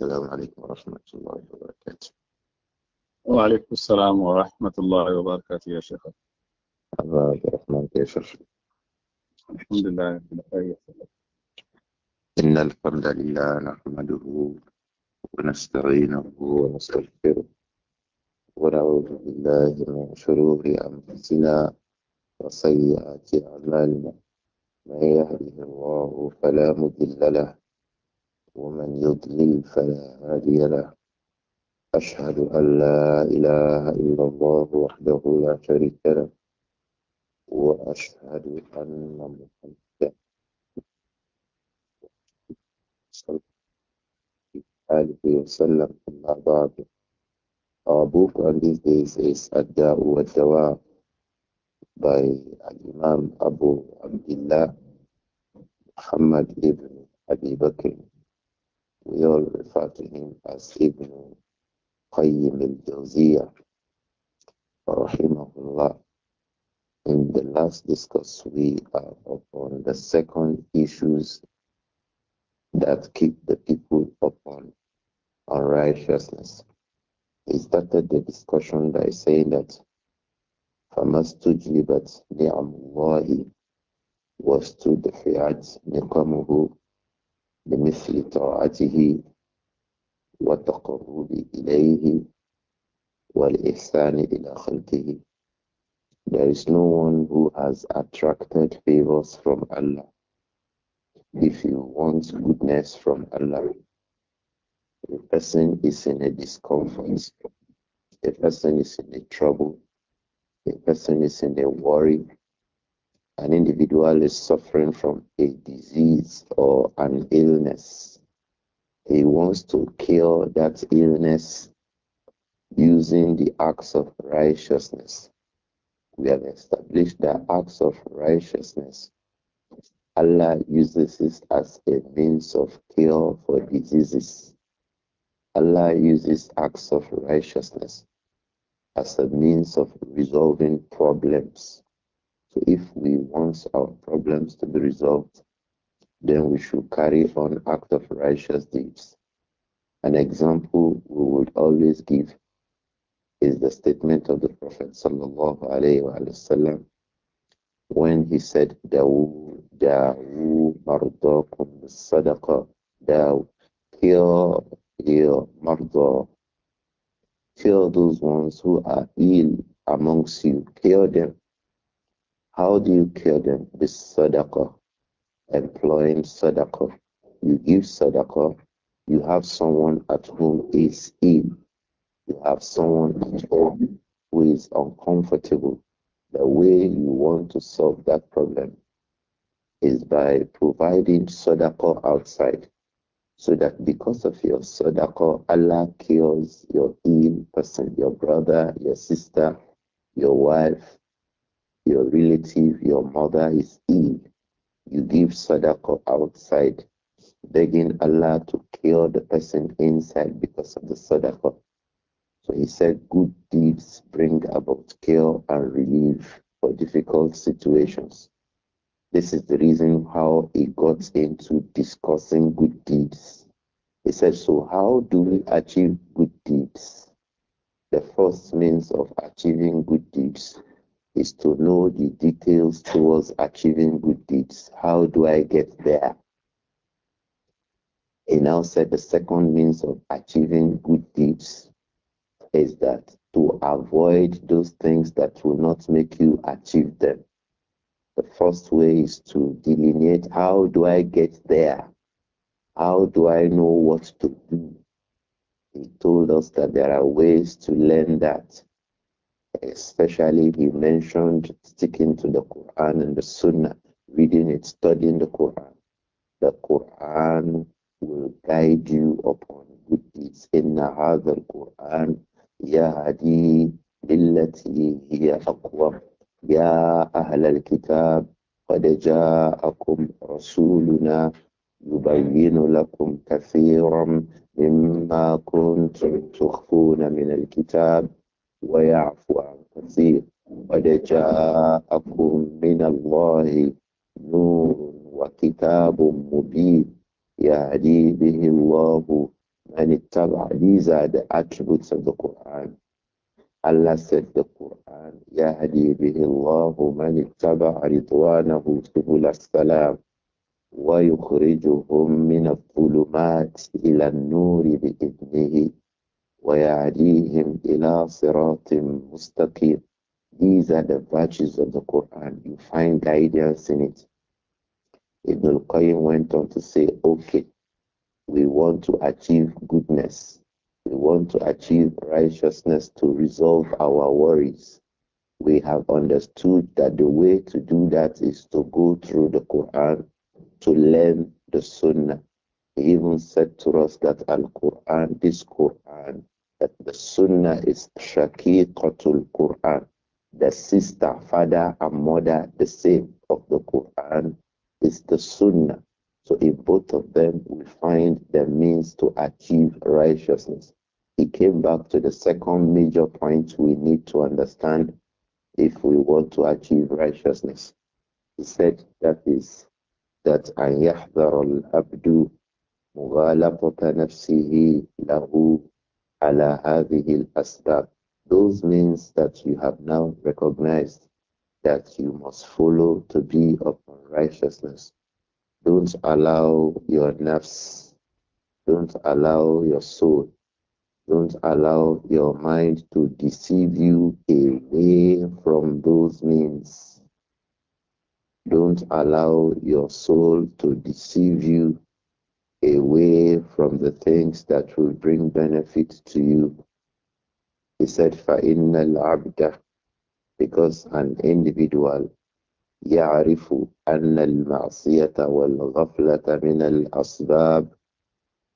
السلام عليكم ورحمة الله وبركاته وعليكم السلام ورحمة الله وبركاته يا شيخ أبا عبد الرحمن كيف الحمد لله بخير إن الحمد لله نحمده ونستعينه ونستغفره ونعوذ بالله من شرور أنفسنا وسيئات أعمالنا من يهده الله فلا مضل له ومن يضلل فلا هادي له أشهد أن لا إله إلا الله وحده لا شريك له وأشهد أن محمدا صلى الله عليه وسلم أما بعد Our book on these days is Ad-Da'u أبو dawa by Imam Abu Abdullah Muhammad ibn Abi Bakr We all refer to him as Ibn Qayyim al rahimahullah. In the last discuss, we are upon the second issues that keep the people upon unrighteousness. He started the discussion by saying that was to the وَاسْتُدْفِعَتْ nikamuhu. بمثل طاعته والتقرب إليه والإحسان إلى خلقه There is no one who has attracted favors from Allah. If you want goodness from Allah, a person is in a discomfort, a person is in a trouble, a person is in a worry, an individual is suffering from a disease or an illness, he wants to cure that illness using the acts of righteousness. We have established the acts of righteousness. Allah uses this as a means of cure for diseases. Allah uses acts of righteousness as a means of resolving problems. So if we want our problems to be resolved, then we should carry on act of righteous deeds. An example we would always give is the statement of the Prophet وسلم, when he said, Dawu, Dawu, Mardakum, Sadaqah, Dawu, kill your Mardah, kill those ones who are ill amongst you, kill them how do you kill them? With sadaqah, employing sadaqah. You give sadaqah, you have someone at whom is ill. You have someone at home who is uncomfortable. The way you want to solve that problem is by providing sadaqah outside so that because of your sadaqah, Allah kills your ill person, your brother, your sister, your wife, your relative, your mother is ill, you give sadaqah outside, begging Allah to cure the person inside because of the sadaqah. So he said, good deeds bring about cure and relief for difficult situations. This is the reason how he got into discussing good deeds. He said, so how do we achieve good deeds? The first means of achieving good deeds is to know the details towards achieving good deeds. How do I get there? He now said the second means of achieving good deeds is that to avoid those things that will not make you achieve them. The first way is to delineate how do I get there? How do I know what to do? He told us that there are ways to learn that Especially, he mentioned sticking to the Quran and the Sunnah, reading it, studying the Quran. The Quran will guide you upon good deeds. Inna hadha al-Quran yahdi lillati hiya aqwam. Ya ahl al-kitab قد جاءكم رسولنا يبين لكم كثيرا مما كنتم تخفون من الكتاب ويعفو عن كثير قد جاءكم من الله نور وكتاب مبين يهدي به الله من اتبع These are the attributes of the Quran. Allah said the Quran يهدي به الله من اتبع رضوانه سبل السلام ويخرجهم من الظلمات إلى النور بإذنه وَيَعْدِيهِمْ إِلَىٰ صِرَاطٍ مُسْتَقِيمٍ These are the virtues of the Quran. You find guidance in it. Ibn al-Qayyim went on to say, okay, we want to achieve goodness. We want to achieve righteousness to resolve our worries. We have understood that the way to do that is to go through the Quran, to learn the Sunnah. He even said to us that Al Quran, this Quran, Quran that the Sunnah is Shaqiqatul Quran. The sister, father, and mother, the same of the Quran is the Sunnah. So in both of them, we find the means to achieve righteousness. He came back to the second major point we need to understand if we want to achieve righteousness. He said that is that أن يحذر العبد مغالطة نفسه له ala hadhihi asbab Those means that you have now recognized that you must follow to be upon righteousness. Don't allow your nafs, don't allow your soul, don't allow your mind to deceive you away from those means. Don't allow your soul to deceive you away from the things that will bring benefit to you. He said, فَإِنَّ الْعَبْدَ Because an individual يعرف أن المعصية والغفلة من الأسباب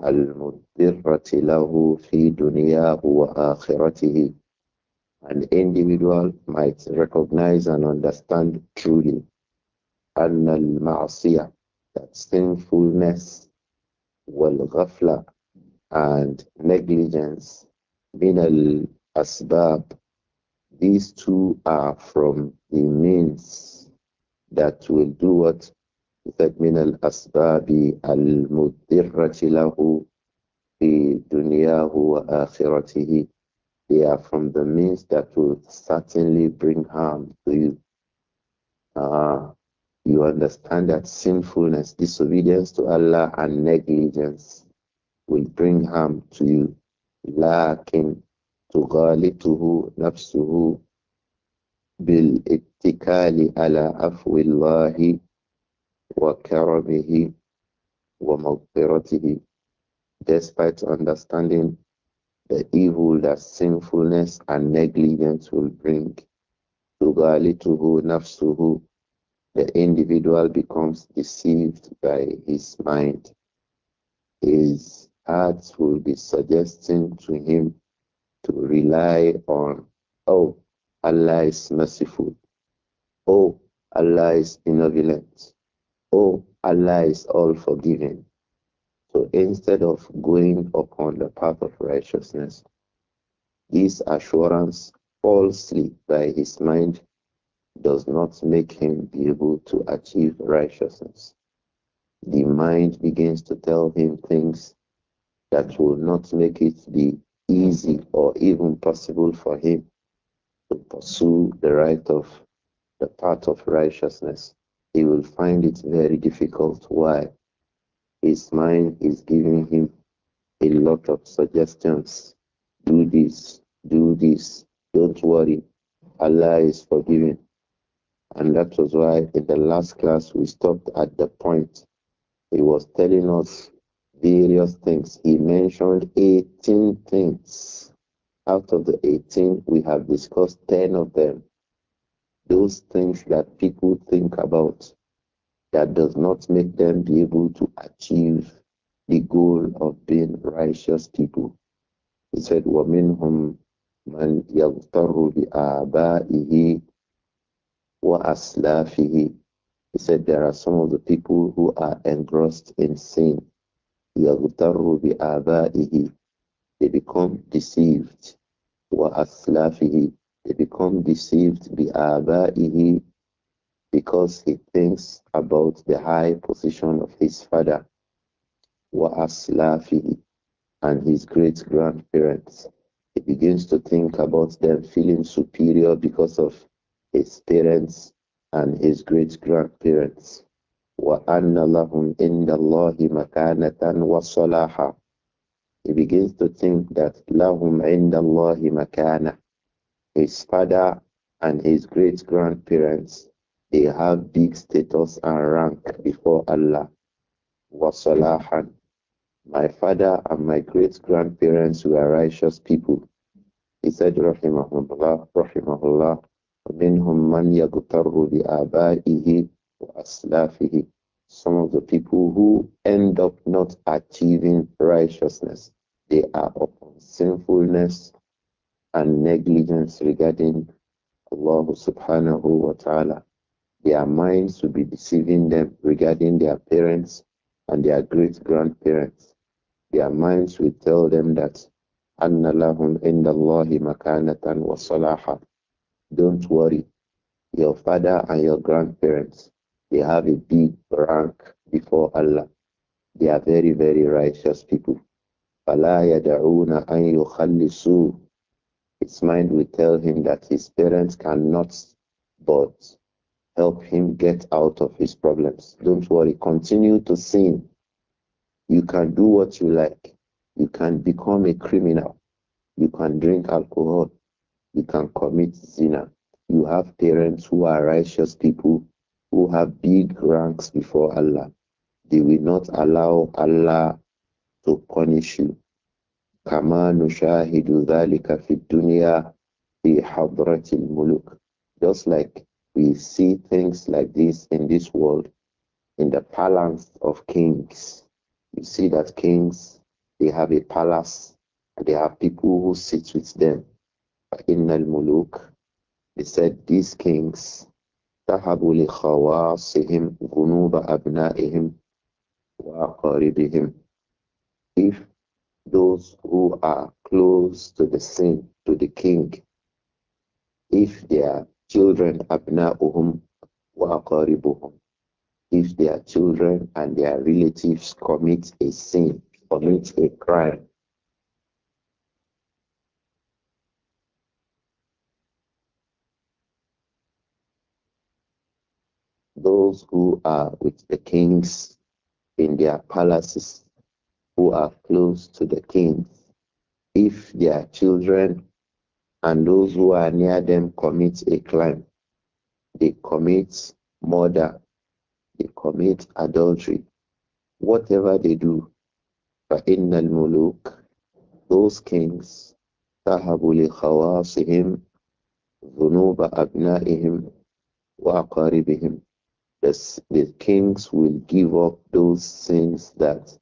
المضرة له في دنياه وآخرته. An individual might recognize and understand truly أن المعصية that sinfulness والغفلة and negligence min al asbab these two are from the means that will do what that min al asbab al mudirrati lahu fi dunyahu wa akhiratihi they are from the means that will certainly bring harm to you. Uh, you understand that sinfulness, disobedience to Allah, and negligence will bring harm to you. لكن تغالطه نفسه بالاتكال على عفو الله وكرمه ومغفرته despite understanding the evil that sinfulness and negligence will bring تغالطه نفسه the individual becomes deceived by his mind. His heart will be suggesting to him to rely on, oh, Allah is merciful. Oh, Allah is benevolent. Oh, Allah is all forgiving. So instead of going upon the path of righteousness, this assurance falsely by his mind does not make him be able to achieve righteousness. The mind begins to tell him things that will not make it be easy or even possible for him to pursue the right of the path of righteousness. He will find it very difficult. Why? His mind is giving him a lot of suggestions. Do this, do this, don't worry. Allah is forgiving. And that was why in the last class we stopped at the point he was telling us various things. He mentioned 18 things. Out of the 18, we have discussed 10 of them. Those things that people think about that does not make them be able to achieve the goal of being righteous people. He said, وَمِنْهُمْ مَنْ يَغْتَرُ بِآبَائِهِ وَأَسْلَافِهِ He said there are some of the people who are engrossed in sin. They become deceived. They become deceived because he thinks about the high position of his father, and his great grandparents. He begins to think about them feeling superior because of his parents, and his great grandparents. وَأَنَّ لَهُمْ إِنَّ اللَّهِ مَكَانَةً وَصَلَاحًا He begins to think that lahum عِنْدَ اللَّهِ His father and his great grandparents, they have big status and rank before Allah. وَصَلَاحًا My father and my great grandparents were righteous people. He said, رَحِمَهُ اللَّهُ رَحِمَهُ اللَّهُ من يغتر بآبائه وأسلافه some of the people who end up not achieving righteousness. They are upon sinfulness and negligence regarding Allah subhanahu wa ta'ala. Their minds will be deceiving them regarding their parents and their great grandparents. Their minds will tell them that don't worry. Your father and your grandparents, they have a big rank before Allah. They are very, very righteous people. His mind will tell him that his parents cannot but help him get out of his problems. Don't worry, continue to sin. You can do what you like. You can become a criminal. You can drink alcohol you can commit zina. You have parents who are righteous people who have big ranks before Allah. They will not allow Allah to punish you. كما نشاهد ذلك في الدنيا في حضرة الملوك. Just like we see things like this in this world, in the palace of kings. You see that kings, they have a palace and they have people who sit with them. Innal Muluk, they said these kings, Tahabu li khawasihim gunuba abna'ihim wa qaribihim. If those who are close to the saint, to the king, if their children abna'uhum wa qaribuhum, if their children and their relatives commit a sin, commit a crime, those who are with the kings in their palaces, who are close to the kings, if their children and those who are near them commit a crime, they commit murder, they commit adultery, whatever they do, al muluk, Those kings, سَهَبُوا لِخَوَاصِهِمْ ذُنُوبَ أَبْنَائِهِمْ وَأَقَارِبِهِمْ the, the kings will give up those sins that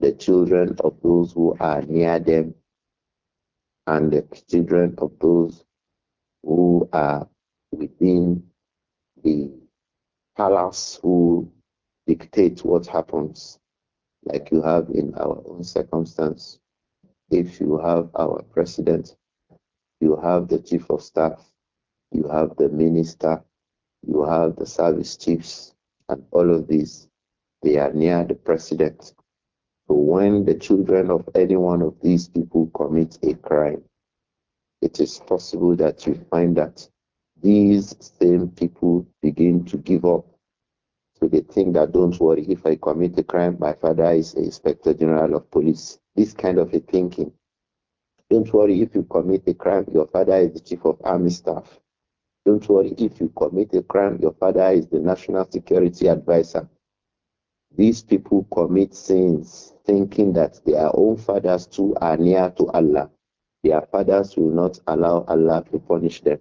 the children of those who are near them and the children of those who are within the palace who dictate what happens, like you have in our own circumstance. If you have our president, you have the chief of staff, you have the minister, you have the service chiefs and all of these. They are near the president. So when the children of any one of these people commit a crime, it is possible that you find that these same people begin to give up. So they think that don't worry, if I commit a crime, my father is a inspector general of police. This kind of a thinking. Don't worry if you commit a crime, your father is the chief of army staff. Don't worry, if you commit a crime, your father is the national security advisor. These people commit sins thinking that their own fathers too are near to Allah. Their fathers will not allow Allah to punish them.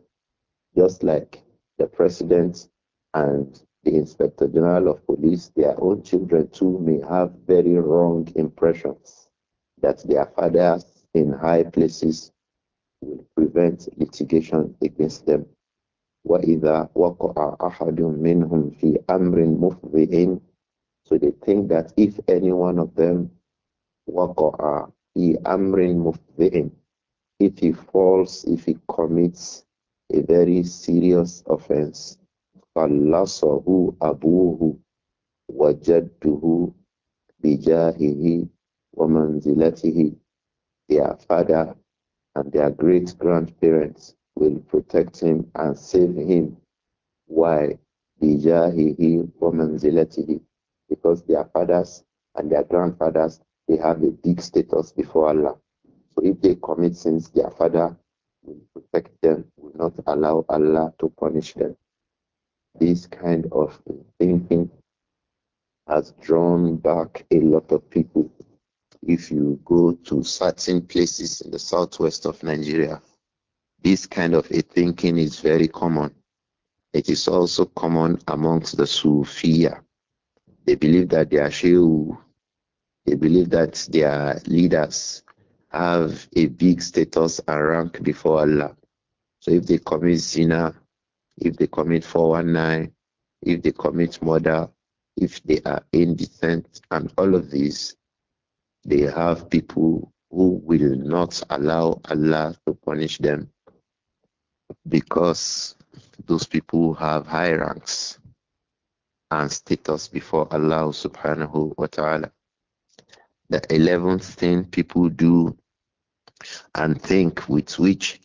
Just like the president and the inspector general of police, their own children too may have very wrong impressions that their fathers in high places will prevent litigation against them. وَإِذَا وَقَعَ أَحَدٌ مِّنْهُمْ فِي أَمْرٍ مُفْضِئٍ So they think that if any one of them وَقَعَ فِي أَمْرٍ مُفْضِئٍ If he falls, if he commits a very serious offense, فَلَّصَهُ أَبُوهُ وَجَدُّهُ بِجَاهِهِ وَمَنْزِلَتِهِ Their father and their great grandparents will protect him and save him. Why? Because their fathers and their grandfathers, they have a big status before Allah. So if they commit sins, their father will protect them, will not allow Allah to punish them. This kind of thinking has drawn back a lot of people. If you go to certain places in the southwest of Nigeria, this kind of a thinking is very common. It is also common amongst the Sufia. They believe that their sheikh, they believe that their leaders have a big status and rank before Allah. So if they commit zina, if they commit 419, if they commit murder, if they are indecent, and all of these, they have people who will not allow Allah to punish them because those people have high ranks and status before Allah subhanahu wa ta'ala. The eleventh thing people do and think with which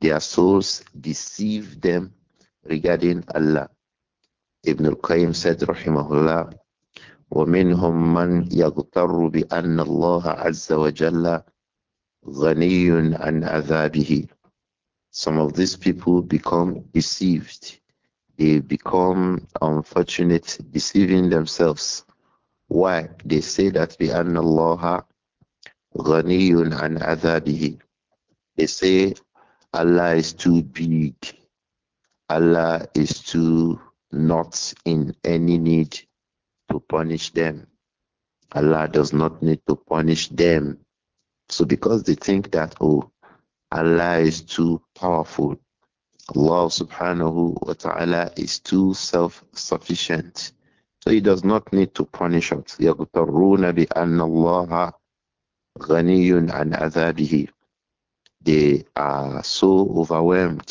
their souls deceive them regarding Allah. Ibn al-Qayyim said, rahimahullah, ومنهم من يغتر بأن الله عز وجل غني عن عذابه some of these people become deceived. They become unfortunate, deceiving themselves. Why? They say that the Allah ghaniyun an adhabihi. They say Allah is too big. Allah is too not in any need to punish them. Allah does not need to punish them. So because they think that, oh, Allah is too powerful. Allah subhanahu wa ta'ala is too self sufficient. So he does not need to punish us. They are so overwhelmed.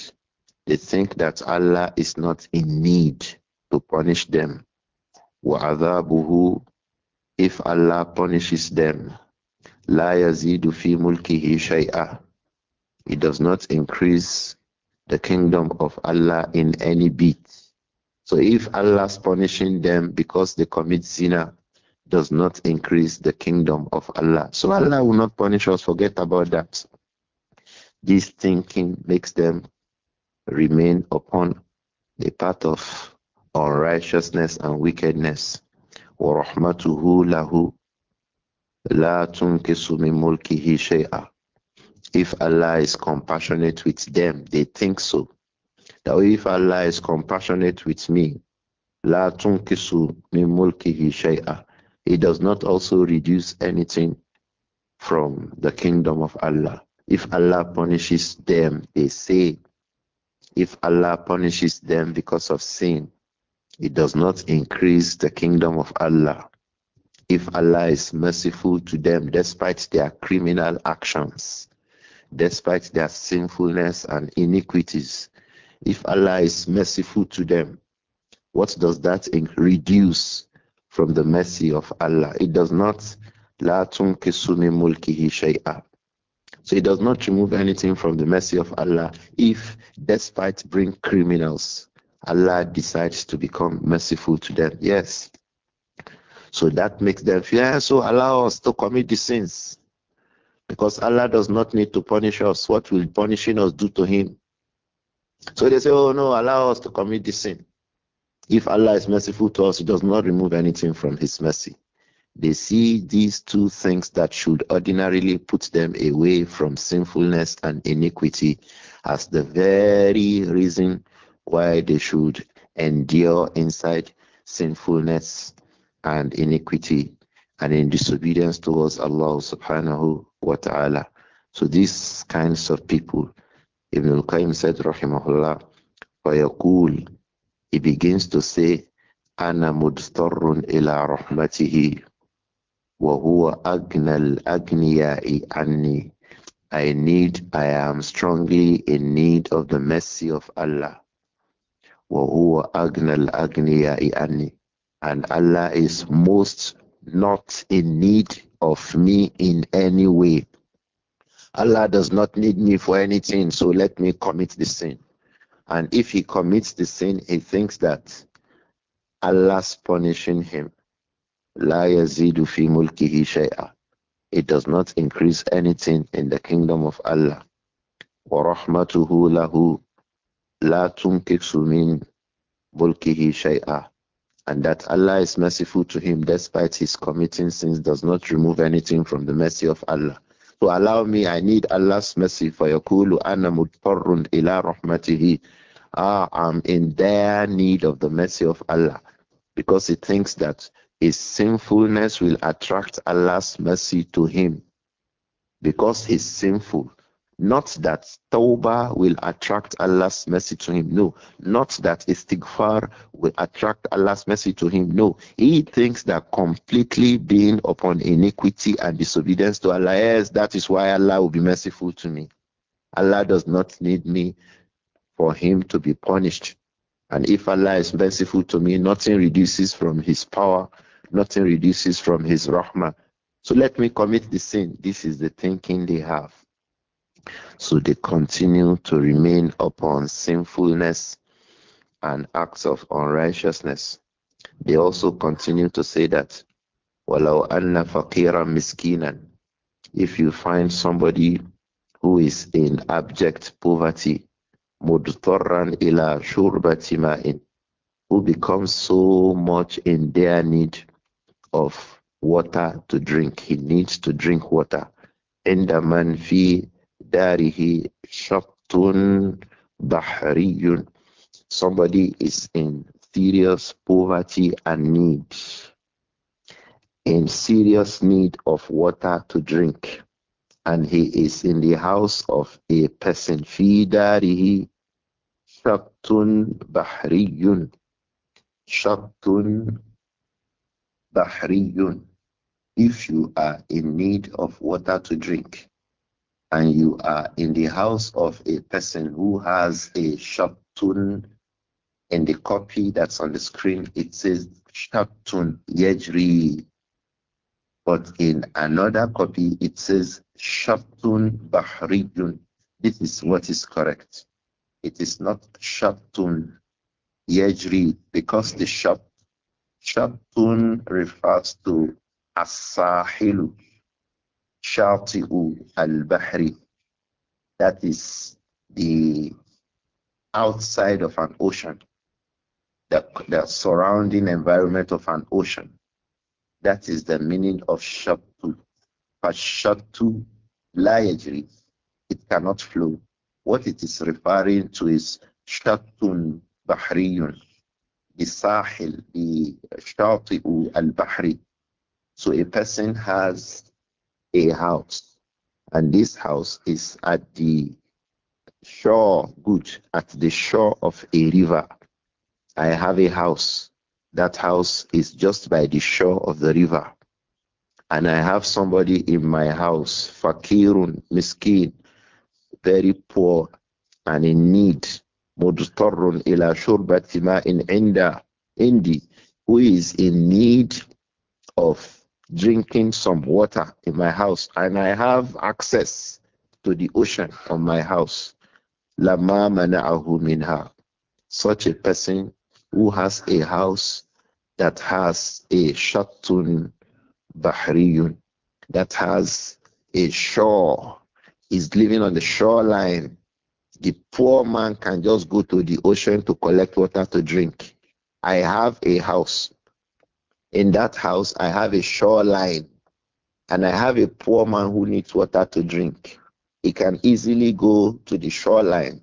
They think that Allah is not in need to punish them. If Allah punishes them, لَا يَزِيدُ فِي مُلْكِهِ it does not increase the kingdom of Allah in any bit. So if Allah's punishing them because they commit zina does not increase the kingdom of Allah. So Allah will not punish us. Forget about that. This thinking makes them remain upon the path of unrighteousness and wickedness. وَرَحْمَتُهُ لَهُ لَا تُنْكِسُ مِنْ مُلْكِهِ شَيْئًا if Allah is compassionate with them, they think so. That if Allah is compassionate with me, La tunkisu min mulkihi shay'a. He does not also reduce anything from the kingdom of Allah. If Allah punishes them, they say, if Allah punishes them because of sin, it does not increase the kingdom of Allah. If Allah is merciful to them despite their criminal actions, despite their sinfulness and iniquities. If Allah is merciful to them, what does that reduce from the mercy of Allah? It does not. So it does not remove anything from the mercy of Allah if, despite being criminals, Allah decides to become merciful to them. Yes. So that makes them fear. so allow us to commit the sins. Because Allah does not need to punish us. What will punishing us do to Him? So they say, Oh no, allow us to commit this sin. If Allah is merciful to us, He does not remove anything from His mercy. They see these two things that should ordinarily put them away from sinfulness and iniquity as the very reason why they should endure inside sinfulness and iniquity and in disobedience towards Allah subhanahu wa ta'ala. So these kinds of people, Ibn al-Qayyim said, rahimahullah, فَيَقُول He begins to say, أَنَا مُدْتَرٌ إِلَىٰ رَحْمَتِهِ وَهُوَ أَغْنَى الْأَغْنِيَاءِ عَنِّي I need, I am strongly in need of the mercy of Allah. وَهُوَ أَغْنَى الْأَغْنِيَاءِ عَنِّي And Allah is most not in need of me in any way. Allah does not need me for anything, so let me commit the sin. And if he commits the sin, he thinks that Allah's punishing him. It does not increase anything in the kingdom of Allah. Wa rahmatuhu lahu la tumkisu min and that Allah is merciful to him despite his committing sins does not remove anything from the mercy of Allah. So allow me, I need Allah's mercy for yakulu anna mudtarrun ila rahmatihi. Ah, I'm in dire need of the mercy of Allah because he thinks that his sinfulness will attract Allah's mercy to him because he's sinful. Not that tawbah will attract Allah's mercy to him. No. Not that istighfar will attract Allah's mercy to him. No. He thinks that completely being upon iniquity and disobedience to Allah, yes, that is why Allah will be merciful to me. Allah does not need me for him to be punished. And if Allah is merciful to me, nothing reduces from his power, nothing reduces from his rahmah. So let me commit the sin. This is the thinking they have. So they continue to remain upon sinfulness and acts of unrighteousness. They also continue to say that, Walau أَنَّ fakira miskinan." If you find somebody who is in abject poverty, مُضْطَرًا ila شُرْبَةِ Who becomes so much in their need of water to drink. He needs to drink water. عند من داره شط بحري somebody is in serious poverty and need in serious need of water to drink and he is in the house of a person في داره شط بحري شط بحري if you are in need of water to drink and you are in the house of a person who has a shatun in the copy that's on the screen, it says shatun yajri. But in another copy, it says shatun bahriyun. This is what is correct. It is not shatun yajri because the shat shatun refers to asahilu. Shati'u al-Bahri. That is the outside of an ocean, the, the surrounding environment of an ocean. That is the meaning of Shatu. But la yajri. It cannot flow. What it is referring to is Shatun Bahriyun. The Sahil, the Shati'u al-Bahri. So a person has a house, and this house is at the shore, good, at the shore of a river. I have a house. That house is just by the shore of the river. And I have somebody in my house, fakirun, miskin, very poor and in need, مضطر إلى شربة in عند, عندي, who is in need of drinking some water in my house and I have access to the ocean from my house. Lama mana'ahu minha. Such a person who has a house that has a shatun bahriyun, that has a shore, is living on the shoreline. The poor man can just go to the ocean to collect water to drink. I have a house. In that house, I have a shoreline and I have a poor man who needs water to drink. He can easily go to the shoreline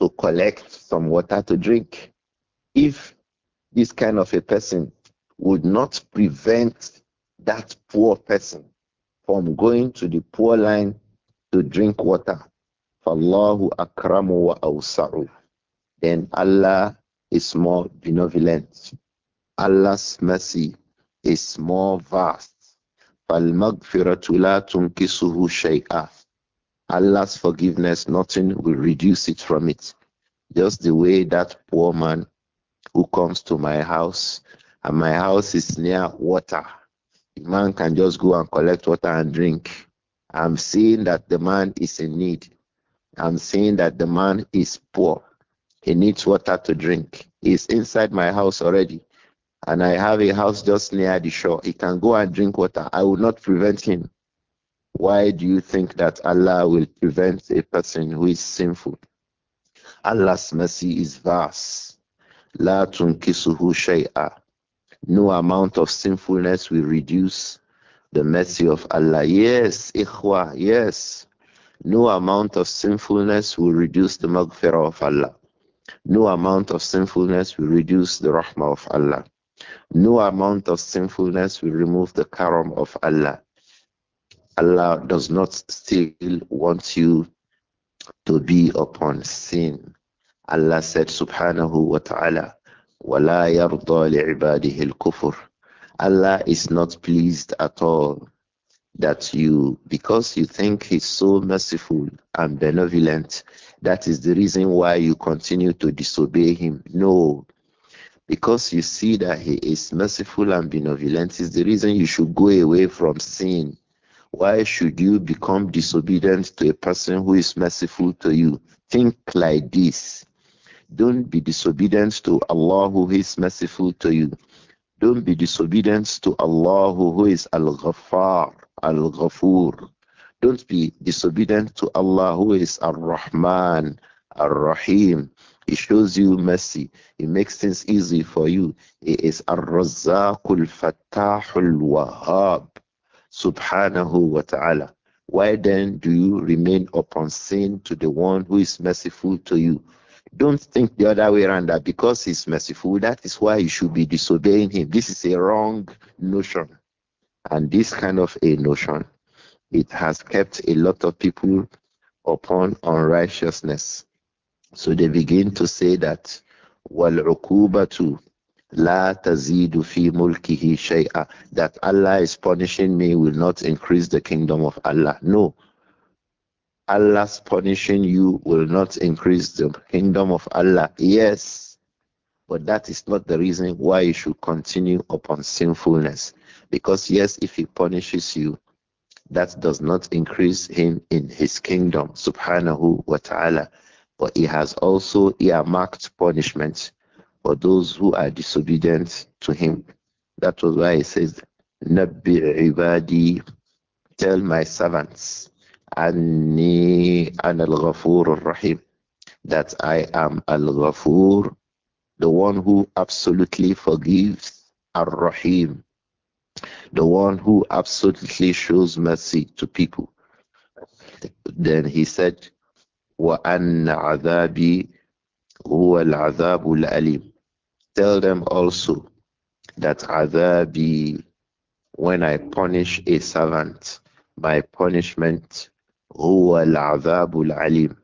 to collect some water to drink. If this kind of a person would not prevent that poor person from going to the poor line to drink water. Allahu akramu wa awsaru. Then Allah is more benevolent. Allah's mercy is more vast. Allah's forgiveness, nothing will reduce it from it. Just the way that poor man who comes to my house, and my house is near water. The man can just go and collect water and drink. I'm seeing that the man is in need. I'm seeing that the man is poor. He needs water to drink. He's inside my house already and I have a house just near the shore, he can go and drink water. I will not prevent him. Why do you think that Allah will prevent a person who is sinful? Allah's mercy is vast. La tunkisuhu shay'a. No amount of sinfulness will reduce the mercy of Allah. Yes, ikhwa, yes. No amount of sinfulness will reduce the maghfirah of Allah. No amount of sinfulness will reduce the rahmah of Allah. No amount of sinfulness will remove the karam of Allah. Allah does not still want you to be upon sin. Allah said, Subhanahu wa ta'ala, وَلَا يَرْضَى لِعِبَادِهِ الْكُفُرِ Allah is not pleased at all that you, because you think He's so merciful and benevolent, that is the reason why you continue to disobey Him. No, because you see that He is merciful and benevolent is the reason you should go away from sin. Why should you become disobedient to a person who is merciful to you? Think like this. Don't be disobedient to Allah who is merciful to you. Don't be disobedient to Allah who is Al Ghaffar, Al Ghafur. Don't be disobedient to Allah who is Ar Rahman, Ar Rahim. He shows you mercy. He makes things easy for you. He is Ar-Razzaqul Fattahul Wahhab Subhanahu wa Ta'ala. Why then do you remain upon sin to the one who is merciful to you? Don't think the other way around that because he's merciful, that is why you should be disobeying him. This is a wrong notion. And this kind of a notion, it has kept a lot of people upon unrighteousness. So they begin to say that وَالْعُقُوبَةُ La tazidu fi mulkihi shay'a. That Allah is punishing me will not increase the kingdom of Allah. No. Allah's punishing you will not increase the kingdom of Allah. Yes. But that is not the reason why you should continue upon sinfulness. Because yes, if he punishes you, that does not increase him in his kingdom. Subhanahu wa ta'ala. But he has also earmarked punishment for those who are disobedient to him. That was why he says, Nabi ibadi, tell my servants, Anni an al ghafur rahim, that I am al ghafur, the one who absolutely forgives, ar rahim, the one who absolutely shows mercy to people. Then he said, وَأَنَّ عَذَابِي هُوَ الْعَذَابُ الْأَلِيمُ Tell them also that عَذَابِي when I punish a servant, my punishment هُوَ الْعَذَابُ الْعَلِيمُ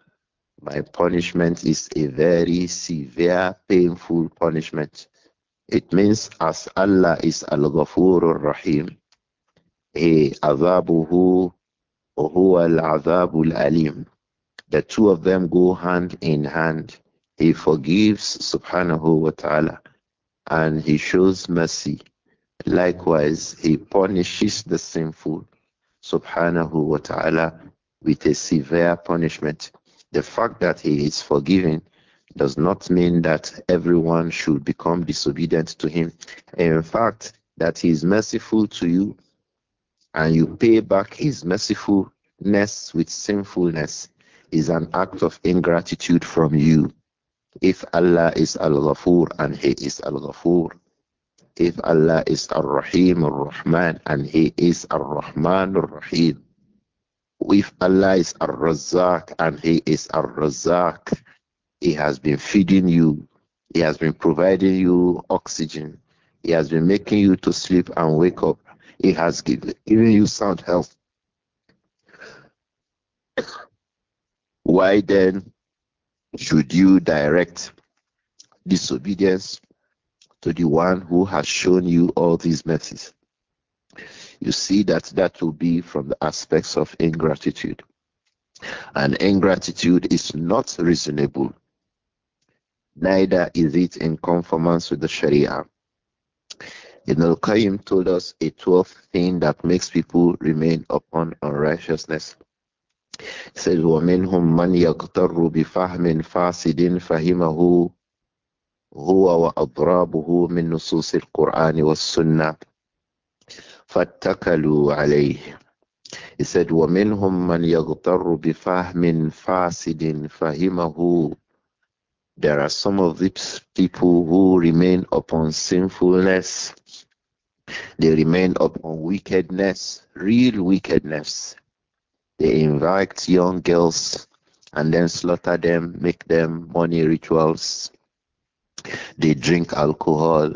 My punishment is a very severe, painful punishment. It means as Allah is Al-Ghafur Rahim, عذابه هو العذاب الأليم. The two of them go hand in hand. He forgives subhanahu wa ta'ala and he shows mercy. Likewise, he punishes the sinful subhanahu wa ta'ala with a severe punishment. The fact that he is forgiving does not mean that everyone should become disobedient to him. In fact, that he is merciful to you and you pay back his mercifulness with sinfulness is an act of ingratitude from you. If Allah is Al Ghafur and He is Al Ghafur, if Allah is Al Rahim Al Rahman and He is Al Rahman Al Rahim, if Allah is Al Razak and He is Al Razak, He has been feeding you, He has been providing you oxygen, He has been making you to sleep and wake up, He has given, given you sound health. Why then should you direct disobedience to the one who has shown you all these mercies? You see that that will be from the aspects of ingratitude. And ingratitude is not reasonable, neither is it in conformance with the Sharia. Ibn al Qayyim told us a twelfth thing that makes people remain upon unrighteousness says, وَمِنْهُمْ مَنْ يَغْتَرُّ بِفَهْمٍ فَاسِدٍ فَهِمَهُ هو وأضرابه من نصوص القرآن والسنة فاتكلوا عليه He said, ومنهم من يغتر بفهم فاسد فهمه There are some of these people who remain upon sinfulness. They remain upon wickedness, real wickedness. They invite young girls and then slaughter them, make them money rituals. They drink alcohol.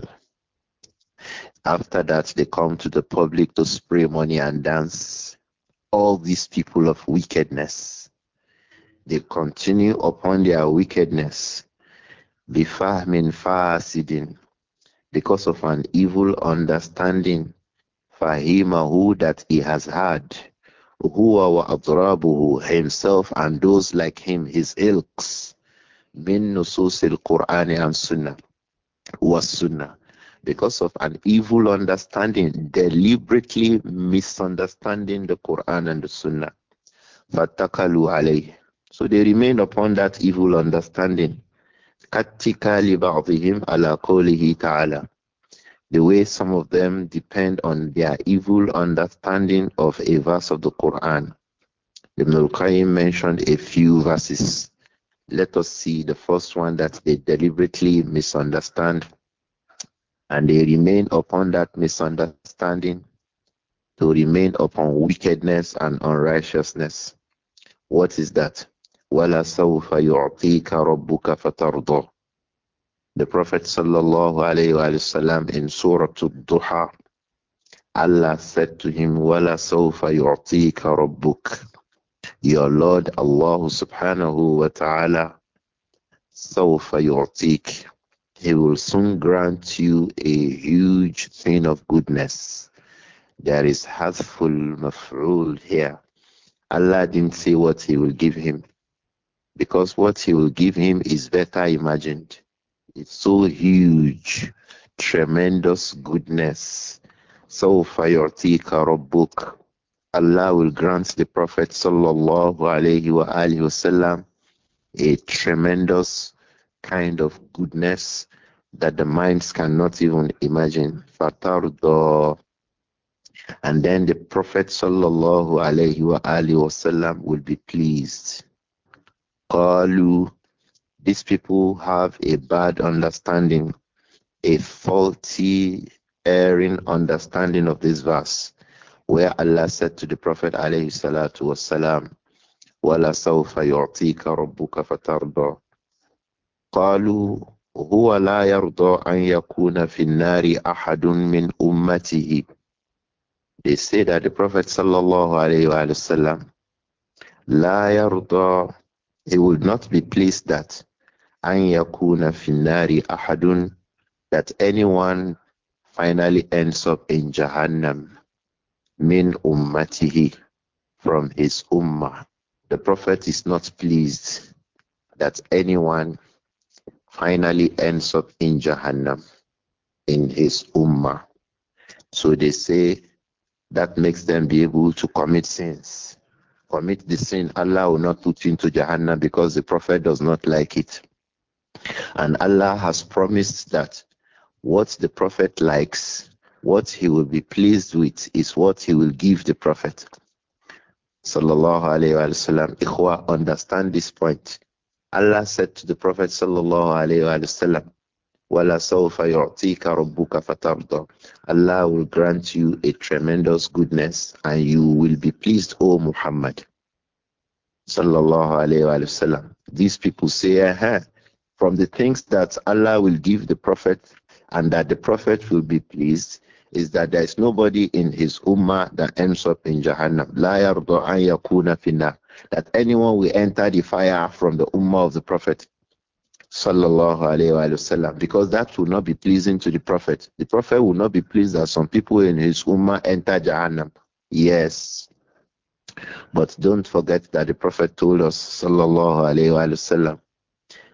After that, they come to the public to spray money and dance. All these people of wickedness, they continue upon their wickedness. far fasidin, because of an evil understanding, who that he has had huwa wa adrabuhu, himself and those like him, his ilks, min nususil Qur'an and sunnah, was sunnah. Because of an evil understanding, deliberately misunderstanding the Quran and the Sunnah. فَاتَّكَلُوا عَلَيْهِ So they remained upon that evil understanding. كَتِّكَ لِبَعْضِهِمْ عَلَى قَوْلِهِ تَعَالَى the way some of them depend on their evil understanding of a verse of the Quran. Ibn al-Qayyim mentioned a few verses. Let us see the first one that they deliberately misunderstand and they remain upon that misunderstanding to remain upon wickedness and unrighteousness. What is that? وَلَسَوْفَ يُعْطِيكَ رَبُّكَ فَتَرْضَى the Prophet sallallahu in Surah Al-Duha, Allah said to him, "Wala sawfa yu'tika Your Lord Allah subhanahu wa ta'ala sawfa yu'tik. He will soon grant you a huge thing of goodness. There is of maf'ul here. Allah didn't say what he will give him because what he will give him is better imagined. It's so huge, tremendous goodness. So fayortika book, Allah will grant the Prophet sallallahu alaihi wasallam a tremendous kind of goodness that the minds cannot even imagine. Fatardo. And then the Prophet sallallahu alaihi wasallam will be pleased. Qalu these people have a bad understanding, a faulty, erring understanding of this verse, where Allah said to the Prophet alayhi salatu wasalam, وَلَسَوْفَ يُعْطِيكَ رَبُّكَ فَتَرْضَى قالوا هو لا يرضى أن يكون في النار أحد من أمته They say that the Prophet sallallahu alayhi wa sallam لا يرضى He would not be pleased that an yakuna ahadun, that anyone finally ends up in Jahannam, min ummatihi, from his ummah. The Prophet is not pleased that anyone finally ends up in Jahannam, in his ummah. So they say that makes them be able to commit sins. Commit the sin, Allah will not put you into Jahannam because the Prophet does not like it. And Allah has promised that what the Prophet likes, what he will be pleased with, is what he will give the Prophet. Sallallahu alayhi Wasallam. Ikhwa, understand this point. Allah said to the Prophet Sallallahu alayhi Wasallam, وَلَا سَوْفَ يُعْطِيكَ رَبُّكَ فَتَرْضَى Allah will grant you a tremendous goodness and you will be pleased, O Muhammad. Sallallahu alayhi Wasallam. These people say, uh from the things that Allah will give the Prophet and that the Prophet will be pleased is that there is nobody in his ummah that ends up in Jahannam. That anyone will enter the fire from the ummah of the Prophet. Sallallahu alayhi Because that will not be pleasing to the Prophet. The Prophet will not be pleased that some people in his ummah enter Jahannam. Yes. But don't forget that the Prophet told us, Sallallahu alayhi alayhi wa sallam,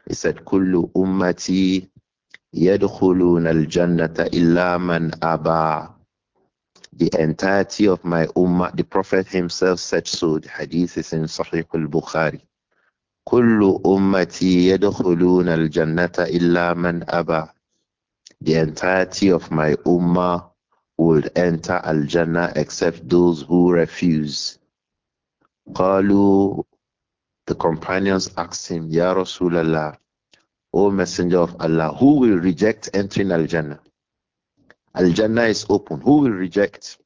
he said, Kullu ummati yadkhuluna al-jannata illa man aba. The entirety of my ummah, the Prophet himself said so. The hadith is in Sahih al-Bukhari. Kullu ummati yadkhuluna al-jannata illa man aba. The entirety of my ummah would enter al-jannah except those who refuse. قالوا the companions asked him, Ya Rasulallah, O Messenger of Allah, who will reject entering Al Jannah? Al Jannah is open. Who will reject?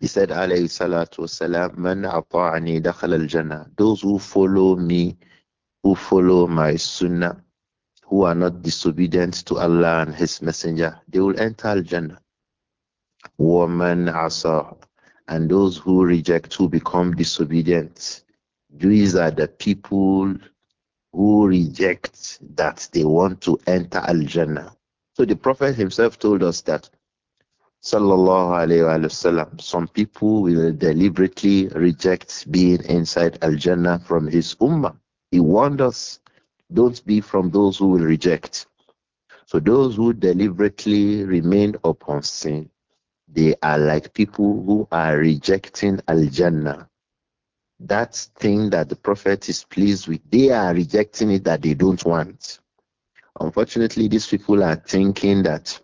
He said, alayhi salatu wasalam, man ata'ani dakhal al Jannah. Those who follow me, who follow my sunnah, who are not disobedient to Allah and His Messenger, they will enter Al Jannah. Woman asa, and those who reject, who become disobedient, these are the people who reject that they want to enter Al Jannah. So the Prophet himself told us that, sallallahu some people will deliberately reject being inside Al Jannah from his Ummah. He warned us, don't be from those who will reject. So those who deliberately remain upon sin, they are like people who are rejecting Al Jannah that thing that the prophet is pleased with, they are rejecting it that they don't want. Unfortunately, these people are thinking that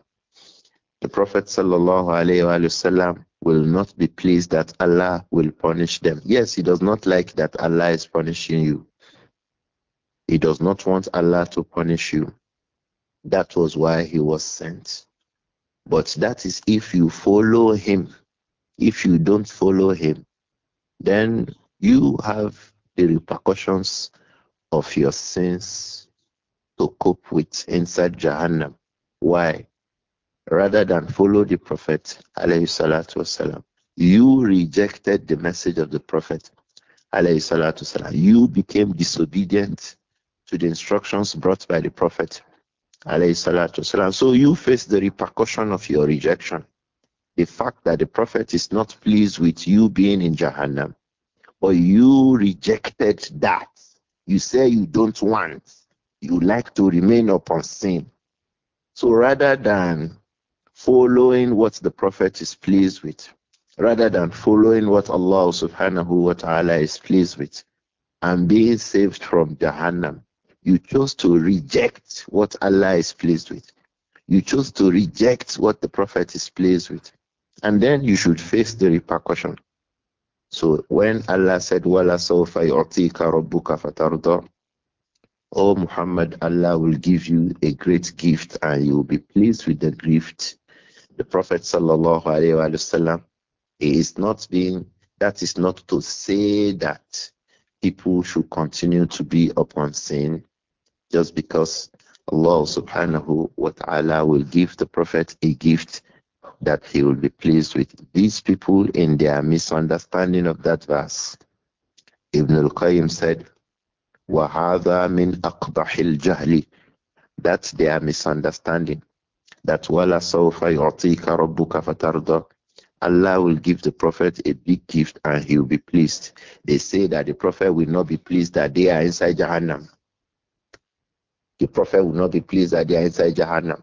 the Prophet وسلم, will not be pleased that Allah will punish them. Yes, he does not like that Allah is punishing you. He does not want Allah to punish you. That was why he was sent. But that is if you follow him. If you don't follow him, then you have the repercussions of your sins to cope with inside Jahannam. Why? Rather than follow the Prophet, والسلام, you rejected the message of the Prophet. والسلام. You became disobedient to the instructions brought by the Prophet. والسلام. So you face the repercussion of your rejection. The fact that the Prophet is not pleased with you being in Jahannam but you rejected that. You say you don't want. You like to remain upon sin. So rather than following what the Prophet is pleased with, rather than following what Allah subhanahu wa ta'ala is pleased with and being saved from Jahannam, you chose to reject what Allah is pleased with. You chose to reject what the Prophet is pleased with. And then you should face the repercussion. So when Allah said, Wala sawfa yu'tika rabbuka fatarda, O Muhammad, Allah will give you a great gift and you will be pleased with the gift. The Prophet sallallahu alayhi wa sallam, is not being, that is not to say that people should continue to be upon sin just because Allah subhanahu wa ta'ala will give the Prophet a gift that he will be pleased with. These people, in their misunderstanding of that verse, Ibn al Qayyim said, وَهَذَا مِنْ أَقْبَحِ الْجَهْلِ That's their misunderstanding. That وَلَا سَوْفَ يُعْطِيكَ رَبُّكَ فَتَرْضَى Allah will give the Prophet a big gift and he will be pleased. They say that the Prophet will not be pleased that they are inside Jahannam. The Prophet will not be pleased that they are inside Jahannam.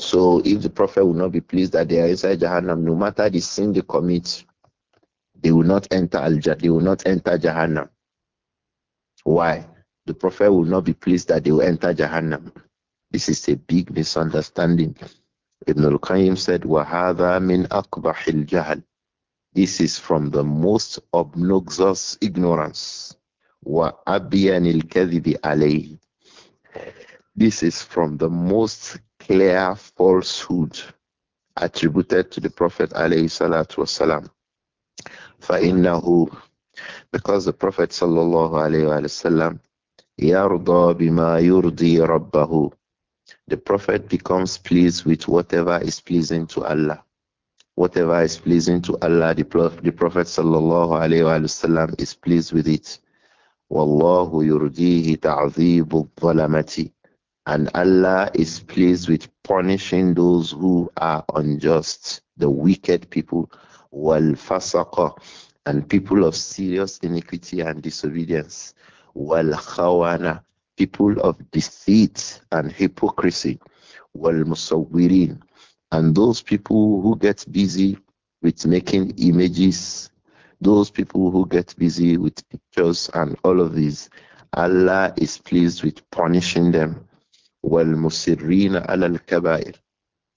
So if the Prophet will not be pleased that they are inside Jahannam, no matter the sin they commit, they will not enter Al they will not enter Jahannam. Why? The Prophet will not be pleased that they will enter Jahannam. This is a big misunderstanding. Ibn al-Qayyim said, min akba al-jahal." This is from the most obnoxious ignorance. وَأَبْيَنِ kadhibi alayhi. This is from the most clear falsehood attributed to the Prophet wasalam. فَإِنَّهُ Because the Prophet sallallahu alayhi wa bima yurdi rabbahu The Prophet becomes pleased with whatever is pleasing to Allah. Whatever is pleasing to Allah, the, Prophet sallallahu alayhi wasallam is pleased with it. وَاللَّهُ يرضيه تَعْذِيبُ الظَّلَمَةِ and Allah is pleased with punishing those who are unjust, the wicked people, wal fasaqa, and people of serious iniquity and disobedience, wal khawana, people of deceit and hypocrisy, wal musawirin, and those people who get busy with making images, those people who get busy with pictures and all of these, Allah is pleased with punishing them وَالْمُسِرِّينَ عَلَى الْكَبَائِرِ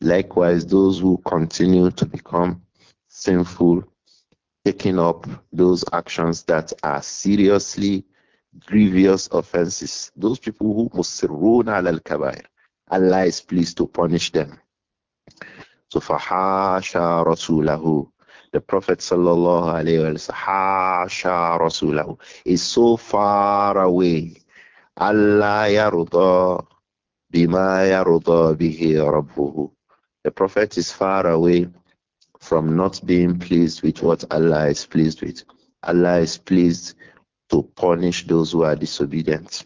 Likewise, those who continue to become sinful, taking up those actions that are seriously grievous offenses. Those people who musirrun al kabair, Allah is pleased to punish them. So fahasha rasulahu. The Prophet sallallahu alaihi wasallam is so far away. Allah the prophet is far away from not being pleased with what Allah is pleased with. Allah is pleased to punish those who are disobedient.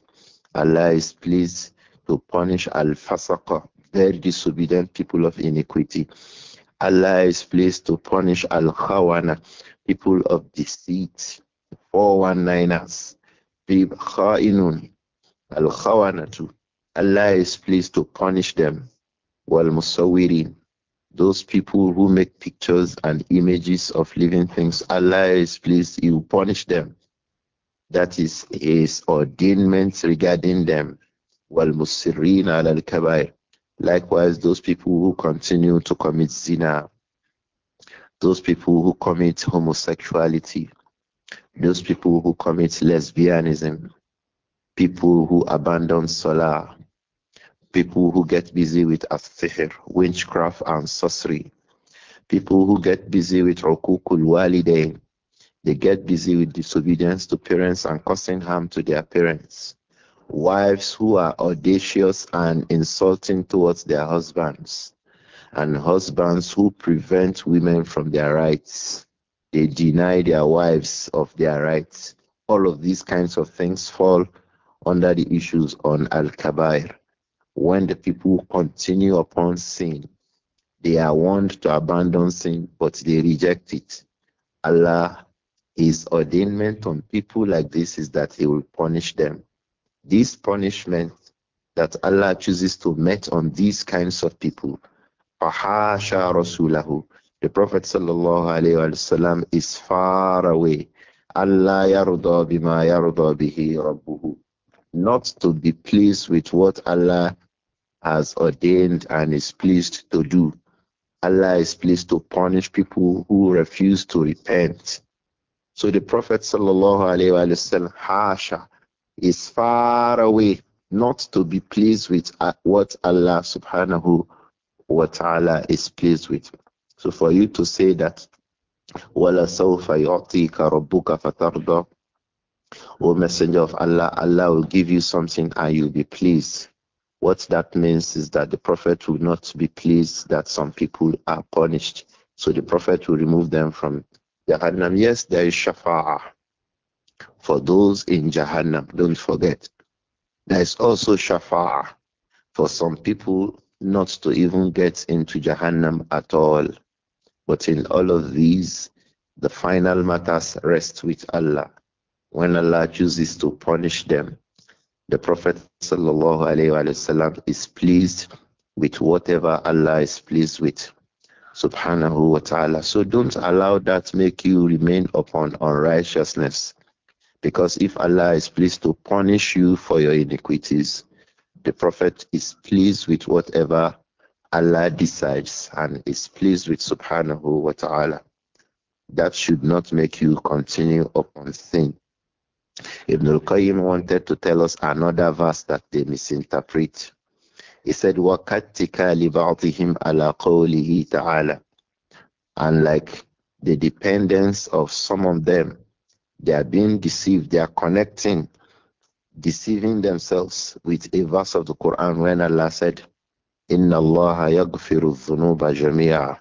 Allah is pleased to punish al-fasaqa, very disobedient people of iniquity. Allah is pleased to punish al-khawana, people of deceit, 419ers, al-khawana too. Allah is pleased to punish them. Wal musawirin. Those people who make pictures and images of living things, Allah is pleased, He will punish them. That is His ordainment regarding them. Wal musirin al kabair. Likewise, those people who continue to commit zina, those people who commit homosexuality, those people who commit lesbianism, people who abandon salah, people who get busy with as witchcraft and sorcery, people who get busy with ukukul walidain, they get busy with disobedience to parents and causing harm to their parents, wives who are audacious and insulting towards their husbands, and husbands who prevent women from their rights. They deny their wives of their rights. All of these kinds of things fall under the issues on Al Kabair when the people continue upon sin, they are warned to abandon sin, but they reject it. Allah, His ordainment on people like this is that He will punish them. This punishment that Allah chooses to met on these kinds of people, Fahasha Rasulahu, the Prophet وسلم, is far away. Allah yarda bima yarda bihi rabbuhu. Not to be pleased with what Allah has ordained and is pleased to do. Allah is pleased to punish people who refuse to repent. So the Prophet وسلم, Hasha is far away not to be pleased with uh, what Allah subhanahu wa ta'ala is pleased with. So for you to say that وَلَسَوْفَ يُعْطِيكَ رَبُّكَ فَتَرْضَى O Messenger of Allah, Allah will give you something and you'll be pleased. What that means is that the Prophet will not be pleased that some people are punished. So the Prophet will remove them from Jahannam. Yes, there is Shafa'ah for those in Jahannam. Don't forget. There is also Shafa'ah for some people not to even get into Jahannam at all. But in all of these, the final matters rest with Allah. When Allah chooses to punish them, the Prophet وسلم, is pleased with whatever Allah is pleased with. Subhanahu wa ta'ala. So don't allow that make you remain upon unrighteousness. Because if Allah is pleased to punish you for your iniquities, the Prophet is pleased with whatever Allah decides and is pleased with Subhanahu wa ta'ala. That should not make you continue upon sin. Ibn al-Qayyim wanted to tell us another verse that they misinterpret. He said, وَكَتِّكَ لِبَعْضِهِمْ عَلَىٰ قَوْلِهِ تَعَالَى And like the dependence of some of them, they are being deceived, they are connecting, deceiving themselves with a verse of the Quran when Allah said, إِنَّ اللَّهَ يَغْفِرُ الذُّنُوبَ جَمِيعًا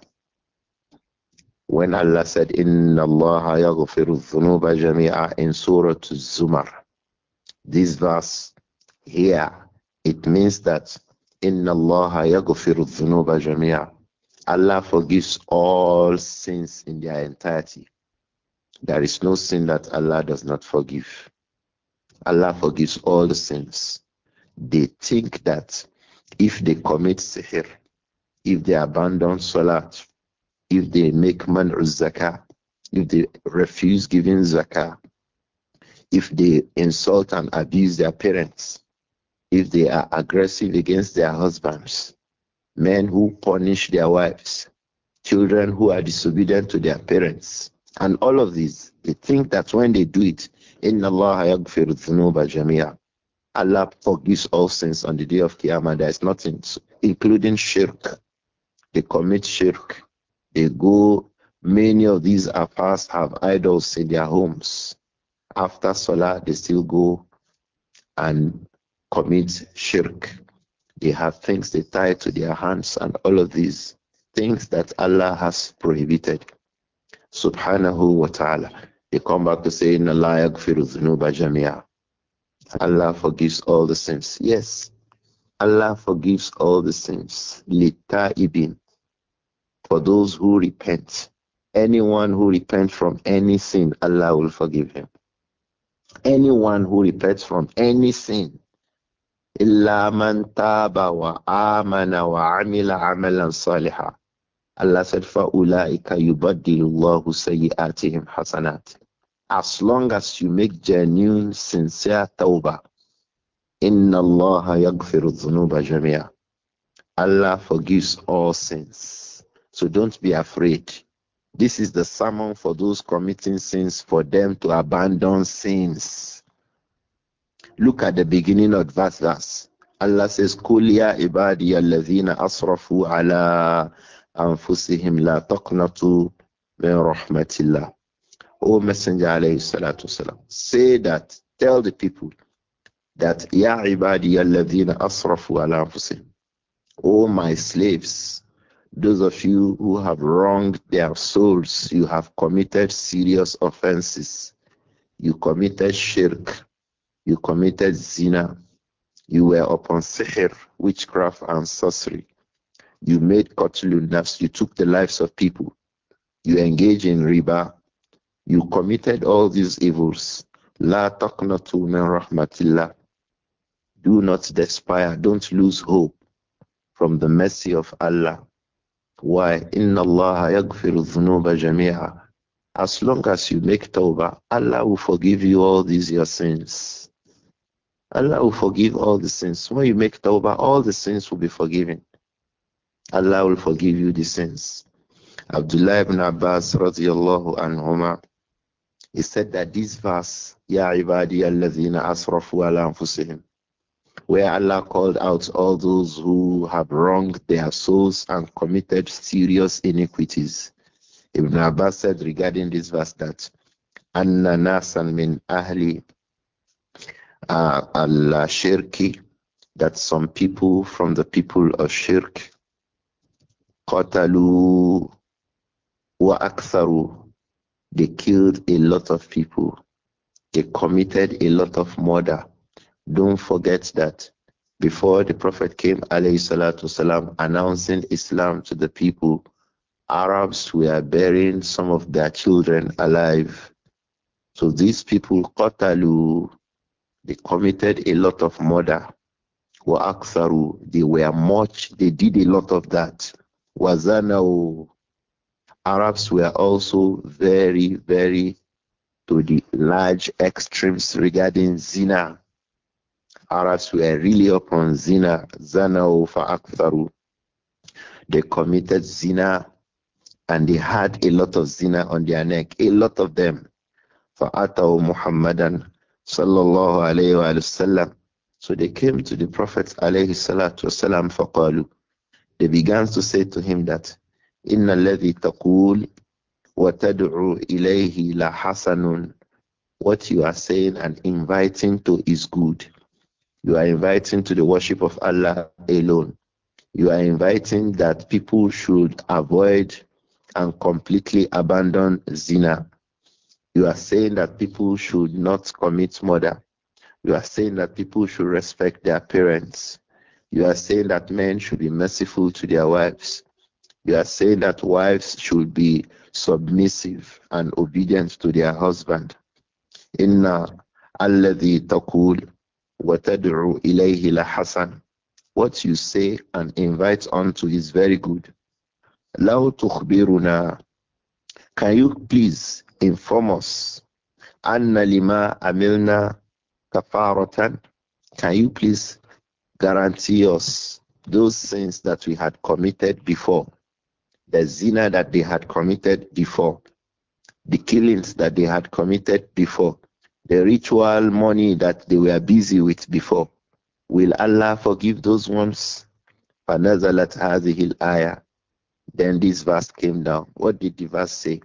when Allah said, Inna Allah yaghfiru dhunuba jami'a in Surah Zumar. This verse here, it means that Inna Allah yaghfiru dhunuba jami'a. Allah forgives all sins in their entirety. There is no sin that Allah does not forgive. Allah forgives all the sins. They think that if they commit sihr, if they abandon salat, if they make man zakah, if they refuse giving zakah, if they insult and abuse their parents, if they are aggressive against their husbands, men who punish their wives, children who are disobedient to their parents, and all of these, they think that when they do it, Inna Allah jamia. Allah forgives all sins on the day of Qiyamah. There is nothing, including shirk. They commit shirk. They go, many of these Afars have idols in their homes. After Salah, they still go and commit shirk. They have things they tie to their hands and all of these things that Allah has prohibited. Subhanahu wa ta'ala. They come back to say, Inna la jamia. Allah forgives all the sins. Yes, Allah forgives all the sins. Lita ibn for those who repent. Anyone who repents from any sin, Allah will forgive him. Anyone who repents from any sin, إلا من تاب وآمن وعمل عملا صالحا Allah said فأولئك يبدل الله سيئاتهم حسنات As long as you make genuine, sincere tawbah, إن الله يغفر الذنوب جميعا Allah forgives all sins. So don't be afraid. This is the sermon for those committing sins, for them to abandon sins. Look at the beginning of verse. verse. Allah says, قُلْ يَا عِبَادِيَ asrafu ala عَلَىٰ أَنفُسِهِمْ لَا تَقْنَطُوا مِنْ O Messenger alayhi salatu wasalam, say that, tell the people that ya عِبَادِيَ الَّذِينَ أَصْرَفُوا عَلَىٰ أَنفُسِهِمْ O my slaves, those of you who have wronged their souls, you have committed serious offenses. You committed shirk. You committed zina. You were upon seher witchcraft, and sorcery. You made qatlun nafs. You took the lives of people. You engaged in riba. You committed all these evils. La taqnatu min rahmatillah. Do not despair. Don't lose hope from the mercy of Allah. Why? Inna Allah yagfiru dhunuba As long as you make tawbah, Allah will forgive you all these your sins. Allah will forgive all the sins. When you make tawbah, all the sins will be forgiven. Allah will forgive you the sins. Abdullah ibn Abbas radiyallahu anhuma, he said that this verse, يَا عِبَادِي الَّذِينَ أَصْرَفُوا ala where Allah called out all those who have wronged their souls and committed serious iniquities. Ibn Abbas said regarding this verse that Anna Nasan min Ahli uh, Allah Shirki, that some people from the people of Shirk Qatalu wa Aktharu, they killed a lot of people, they committed a lot of murder don't forget that before the Prophet came, والسلام, announcing Islam to the people, Arabs were burying some of their children alive. So these people, Qatalu, they committed a lot of murder. Wa aksaru, they were much, they did a lot of that. Wazanau, Arabs were also very, very to the large extremes regarding zina. Arabs were really upon zina, zanao fa'akfaru. They committed zina and they had a lot of zina on their neck, a lot of them. Fa'atau Muhammadan sallallahu alayhi wa sallam. So they came to the Prophet alayhi salatu wasalam faqalu. They began to say to him that, Inna alladhi taqul wa tad'u ilayhi la hasanun. What you are saying and inviting to is good. You are inviting to the worship of Allah alone. You are inviting that people should avoid and completely abandon zina. You are saying that people should not commit murder. You are saying that people should respect their parents. You are saying that men should be merciful to their wives. You are saying that wives should be submissive and obedient to their husband. Inna alladhi taqul إِلَيْهِ لَحَسَنٌ What you say and invite unto is very good. لَوْ تُخْبِرُنَا Can you please inform us أَنَّ لِمَا كَفَارَةً Can you please guarantee us those sins that we had committed before, the zina that they had committed before, the killings that they had committed before, the ritual money that they were busy with before. Will Allah forgive those ones? فَنَزَلَتْ هَذِهِ الْآيَةِ Then this verse came down. What did the verse say?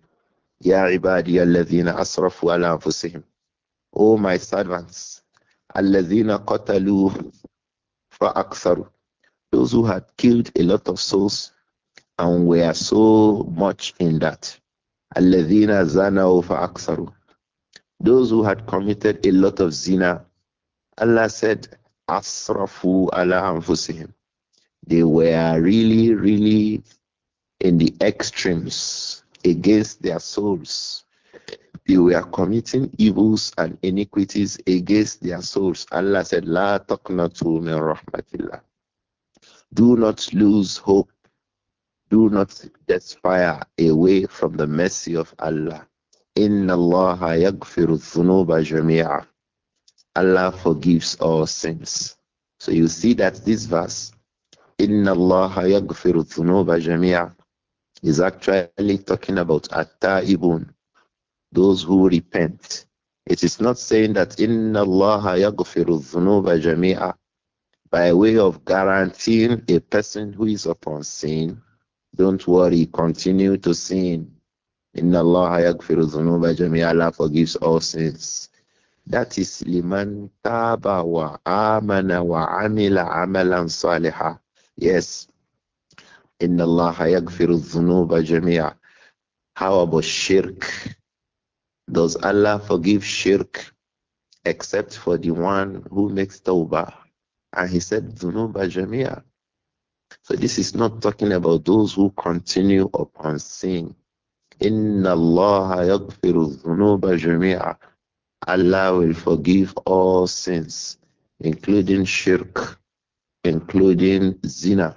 يَا عِبَادِيَ الَّذِينَ أَسْرَفُوا عَلَى أَنفُسِهِمْ Oh my servants, الَّذِينَ قَتَلُوا فَأَكْثَرُوا Those who had killed a lot of souls and were so much in that. الَّذِينَ زَنَوا فَأَكْثَرُوا those who had committed a lot of zina, Allah said, Asrafu ala anfusihim. They were really, really in the extremes against their souls. They were committing evils and iniquities against their souls. Allah said, La taqnatu min rahmatillah. Do not lose hope. Do not despair away from the mercy of Allah. Inna Allah yaghfiru dhunuba jami'a. Allah forgives all sins. So you see that this verse, Inna Allah yaghfiru dhunuba jami'a, is actually talking about at-ta'ibun, those who repent. It is not saying that Inna Allah yaghfiru dhunuba jami'a by way of guaranteeing a person who is upon sin, don't worry, continue to sin Inna Allah yaghfiru dhunuba Allah forgives all sins. That is liman taba wa amana wa amila amalan saliha. Yes. Inna Allah yaghfiru dhunuba jami'a. How about shirk? Does Allah forgive shirk except for the one who makes tawbah? And he said, dhunuba jami'a. So this is not talking about those who continue upon sin. إِنَّ اللَّهَ يَغْفِرُ الذُّنُوبَ جَمِيعًا Allah will forgive all sins, including shirk, including zina,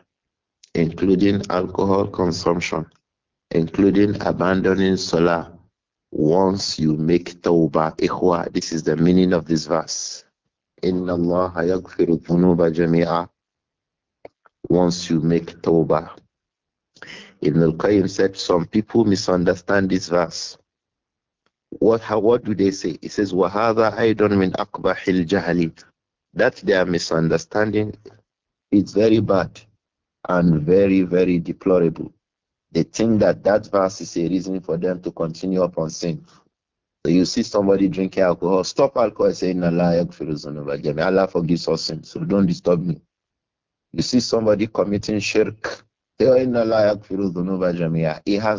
including alcohol consumption, including abandoning salah. Once you make tawbah, ikhwa, this is the meaning of this verse. Inna Allah yaghfiru dhunuba jami'a. Once you make tawbah, Ibn al-Qayyim said some people misunderstand this verse. What how, what do they say? It says wahada aidon min akbahil jahalit. That their misunderstanding is very bad and very very deplorable. They think that that verse is a reason for them to continue upon sin. So you see somebody drinking alcohol, stop alcohol saying Allah Allah forgives us sin, so don't disturb me. You see somebody committing shirk, he has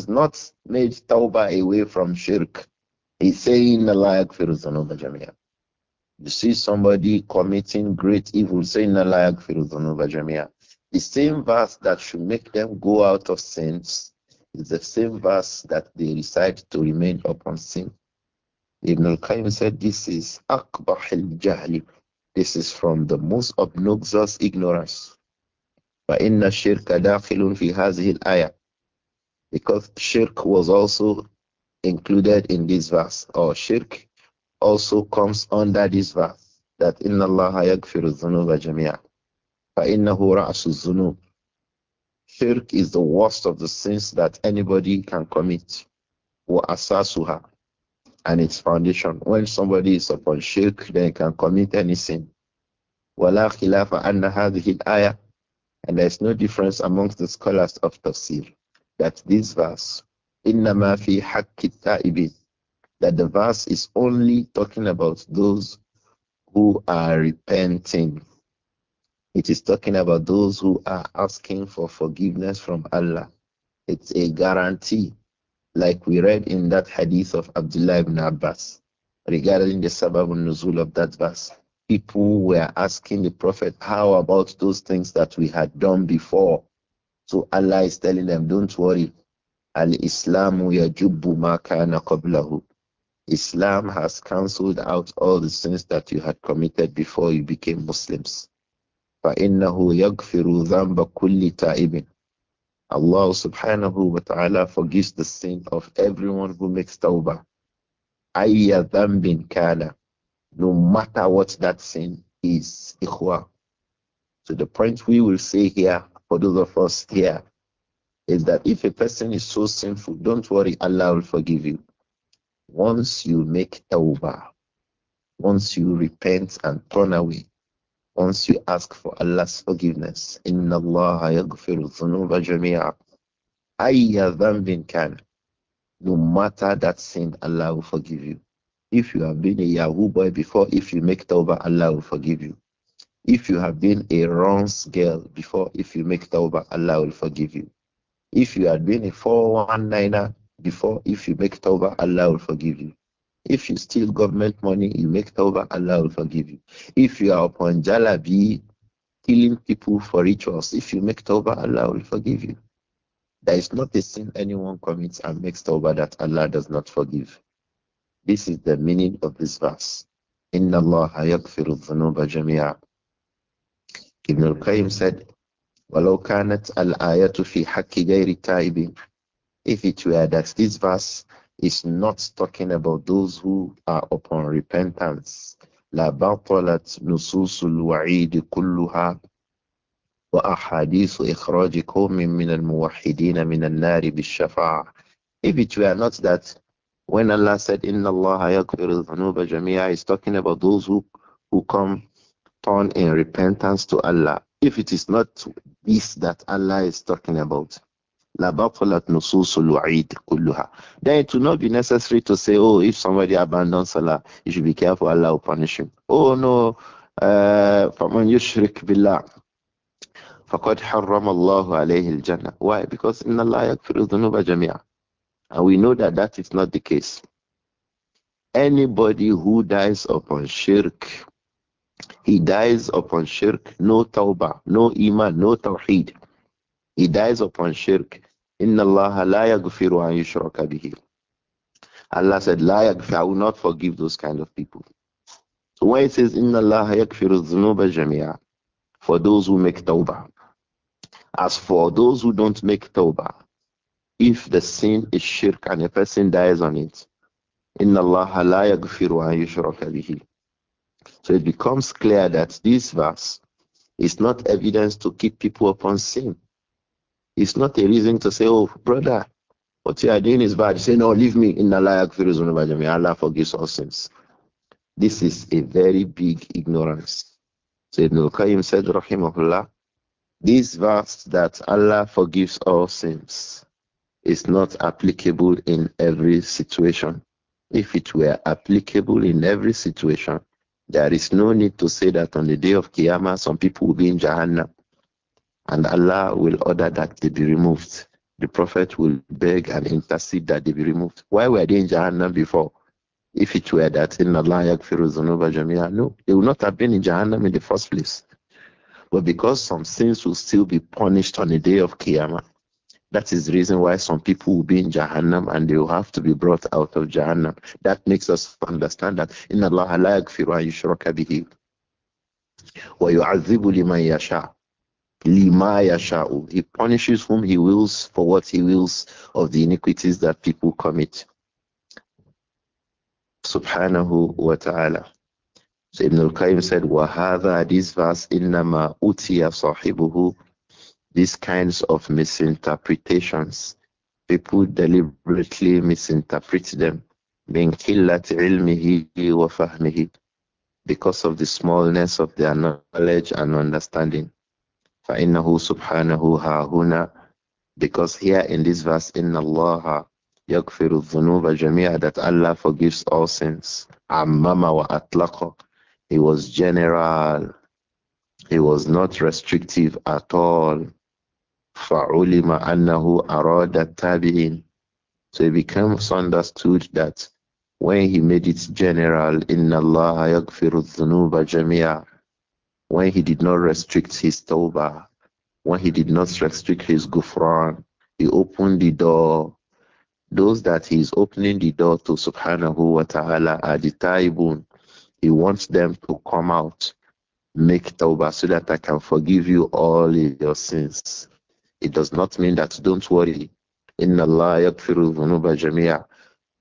not made tawbah away from shirk. He's saying, You see somebody committing great evil, saying, The same verse that should make them go out of sins is the same verse that they recite to remain upon sin. Ibn al-Qayyim said, This is Akbar al-jahli. This is from the most obnoxious ignorance. فإن الشرك داخل في هذه الآية because shirk was also included in this verse or shirk also comes under this verse that إن الله يغفر الذنوب جميعا فإنه رأس الذنوب Shirk is the worst of the sins that anybody can commit. وأساسها and its foundation. When somebody is upon shirk, then he can commit any sin. ولا خلاف أن هذه الآية and there's no difference amongst the scholars of tafsir that this verse, Innama fi haqqi that the verse is only talking about those who are repenting. It is talking about those who are asking for forgiveness from Allah. It's a guarantee, like we read in that hadith of Abdullah ibn Abbas regarding the sabab nuzul of that verse people were asking the Prophet, How about those things that we had done before? So Allah is telling them, Don't worry. Al Islamu Islam has cancelled out all the sins that you had committed before you became Muslims. فَإِنَّهُ يَغْفِرُ ذَنْبَ كُلِّ تَائِبٍ Allah subhanahu wa ta'ala forgives the sin of everyone who makes tawbah. أَيَّ ذَنْبٍ كَانَ no matter what that sin is. Ikhwa. So the point we will say here, for those of us here, is that if a person is so sinful, don't worry, Allah will forgive you. Once you make tawbah, once you repent and turn away, once you ask for Allah's forgiveness, Inna Allah yaghfiru dhunuba jami'a. Ayya dhanbin kana. No matter that sin, Allah will forgive you. If you have been a Yahoo boy before, if you make Tawbah, Allah will forgive you. If you have been a Rons girl before, if you make Tawbah, Allah will forgive you. If you had been a 419er before, if you make Tawbah, Allah will forgive you. If you steal government money, you make Tawbah, Allah will forgive you. If you are upon Jalabi, killing people for rituals, if you make Tawbah, Allah will forgive you. There is not a sin anyone commits and makes Tawbah that Allah does not forgive. This is the meaning of this verse. Inna Allah yaghfiru dhunuba jami'a. Ibn al-Qayyim said, وَلَوْ كَانَتْ الْآيَةُ فِي حَقِّ غَيْرِ تَائِبٍ If it were that this verse is not talking about those who are upon repentance, لَبَطَلَتْ نُصُوصُ الْوَعِيدِ كُلُّهَا وأحاديث إخراج قوم من الموحدين من النار بالشفاعة. If it were not that When Allah said, Inna Allah dhanuba jamia, He's talking about those who, who come, turn in repentance to Allah. If it is not this that Allah is talking about, Then it will not be necessary to say, oh, if somebody abandons Salah, you should be careful, Allah will punish him. Oh, no, uh, فَمَنْ يُشْرِكْ بِاللَّهِ فَقَدْ حَرَّمَ اللَّهُ عَلَيْهِ الْجَنَّةِ Why? Because إِنَّ Allah يَكْفِرُ الذُّنُوبَ جَمِيعًا and we know that that is not the case. Anybody who dies upon shirk, he dies upon shirk, no tawbah, no iman, no tawheed. He dies upon shirk. Inna Allah la yaghfiru an yushraka bihi. Allah said, La yaghfir, I will not forgive those kind of people. So when it says, Inna Allah yaghfiru jamia, for those who make tawbah. As for those who don't make tawbah, if the sin is shirk and a person dies on it. Inna Allah la yaghfiru an yushraka bihi. So it becomes clear that this verse is not evidence to keep people upon sin. It's not a reason to say, oh, brother, what you are doing is bad. You say, no, leave me. Inna Allah yaghfiru zunuba Allah forgives all sins. This is a very big ignorance. So Ibn al-Qayyim said, rahimahullah, this verse that Allah forgives all sins is not applicable in every situation. If it were applicable in every situation, there is no need to say that on the day of Qiyamah, some people will be in Jahannam and Allah will order that they be removed. The Prophet will beg and intercede that they be removed. Why were they in Jahannam before? If it were that in Allah Yakfiruzunuba Jamia, no, they would not have been in Jahannam in the first place. But because some sins will still be punished on the day of Qiyamah, that is the reason why some people will be in Jahannam and they will have to be brought out of Jahannam. That makes us understand that in Allah la yaghfiru yushraka bihi wa yu'adhibu liman yasha lima yasha'u. He punishes whom he wills for what he wills of the iniquities that people commit. Subhanahu wa ta'ala. So Ibn al-Qayyim said, وَهَذَا This verse إِنَّمَا أُتِيَ صَاحِبُهُ these kinds of misinterpretations. People deliberately misinterpret them because of the smallness of their knowledge and understanding. فَإِنَّهُ wa هَاهُنَا Because here in this verse, إِنَّ اللَّهَ يَغْفِرُ الذُّنُوبَ جَمِيعًا That Allah forgives all sins. wa وَأَطْلَقَ He was general. He was not restrictive at all. فَعُلِمَ أَنَّهُ أَرَادَ التَّابِعِينَ So it becomes understood that when he made it general, إِنَّ اللَّهَ يَغْفِرُ الذُّنُوبَ جَمِيعًا When he did not restrict his tawbah, when he did not restrict his gufran, he opened the door. Those that he is opening the door to subhanahu wa ta'ala are the taibun. He wants them to come out, make tawbah so that I can forgive you all your sins. It does not mean that don't worry. Inna Allah yakfiru dhunuba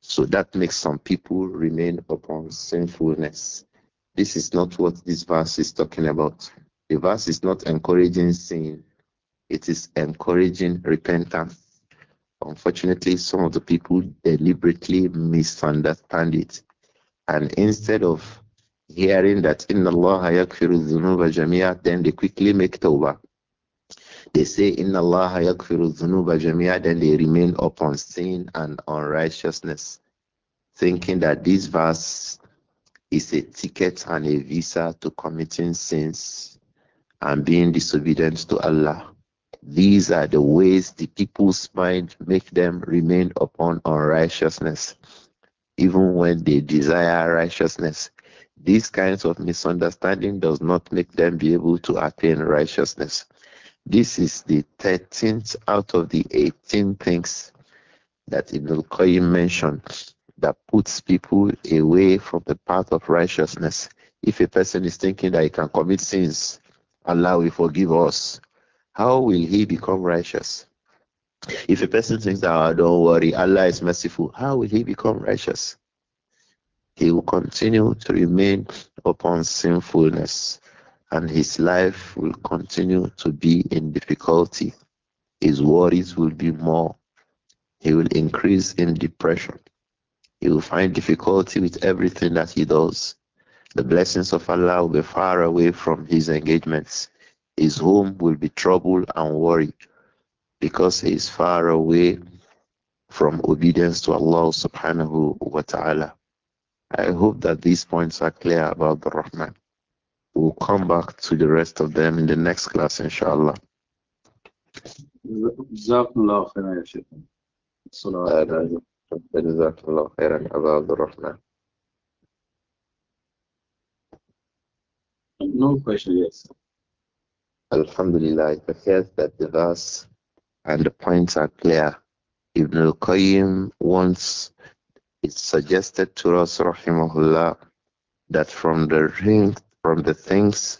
So that makes some people remain upon sinfulness. This is not what this verse is talking about. The verse is not encouraging sin, it is encouraging repentance. Unfortunately, some of the people deliberately misunderstand it. And instead of hearing that in Allah yakfiru dhunuba then they quickly make tawbah. They say, Inna Allah yakfiru dhunuba jamia, then they remain upon sin and unrighteousness, thinking that this verse is a ticket and a visa to committing sins and being disobedient to Allah. These are the ways the people's mind make them remain upon unrighteousness, even when they desire righteousness. These kinds of misunderstanding does not make them be able to attain righteousness. This is the 13th out of the 18 things that Ibn al-Qayyim mentioned that puts people away from the path of righteousness. If a person is thinking that he can commit sins, Allah will forgive us. How will he become righteous? If a person thinks that oh, don't worry, Allah is merciful, how will he become righteous? He will continue to remain upon sinfulness and his life will continue to be in difficulty. His worries will be more. He will increase in depression. He will find difficulty with everything that he does. The blessings of Allah will be far away from his engagements. His home will be troubled and worried because he is far away from obedience to Allah subhanahu wa ta'ala. I hope that these points are clear about the Rahman. We'll come back to the rest of them in the next class, inshallah. No question, yes. Alhamdulillah, it appears that the verse and the points are clear. Ibn al-Qayyim once it suggested to us, rahimahullah, that from the ring from the things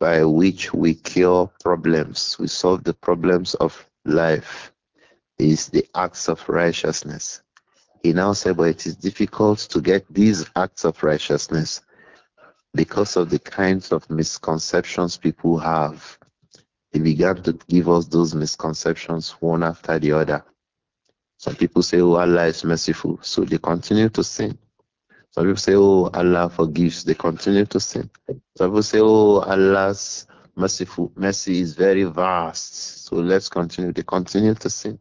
by which we cure problems, we solve the problems of life, is the acts of righteousness. He now said, but it is difficult to get these acts of righteousness because of the kinds of misconceptions people have. He began to give us those misconceptions one after the other. Some people say, Oh, Allah is merciful, so they continue to sin. Some people say, Oh, Allah forgives, they continue to sin. Some will say, Oh, Allah's merciful mercy is very vast. So let's continue. They continue to sin.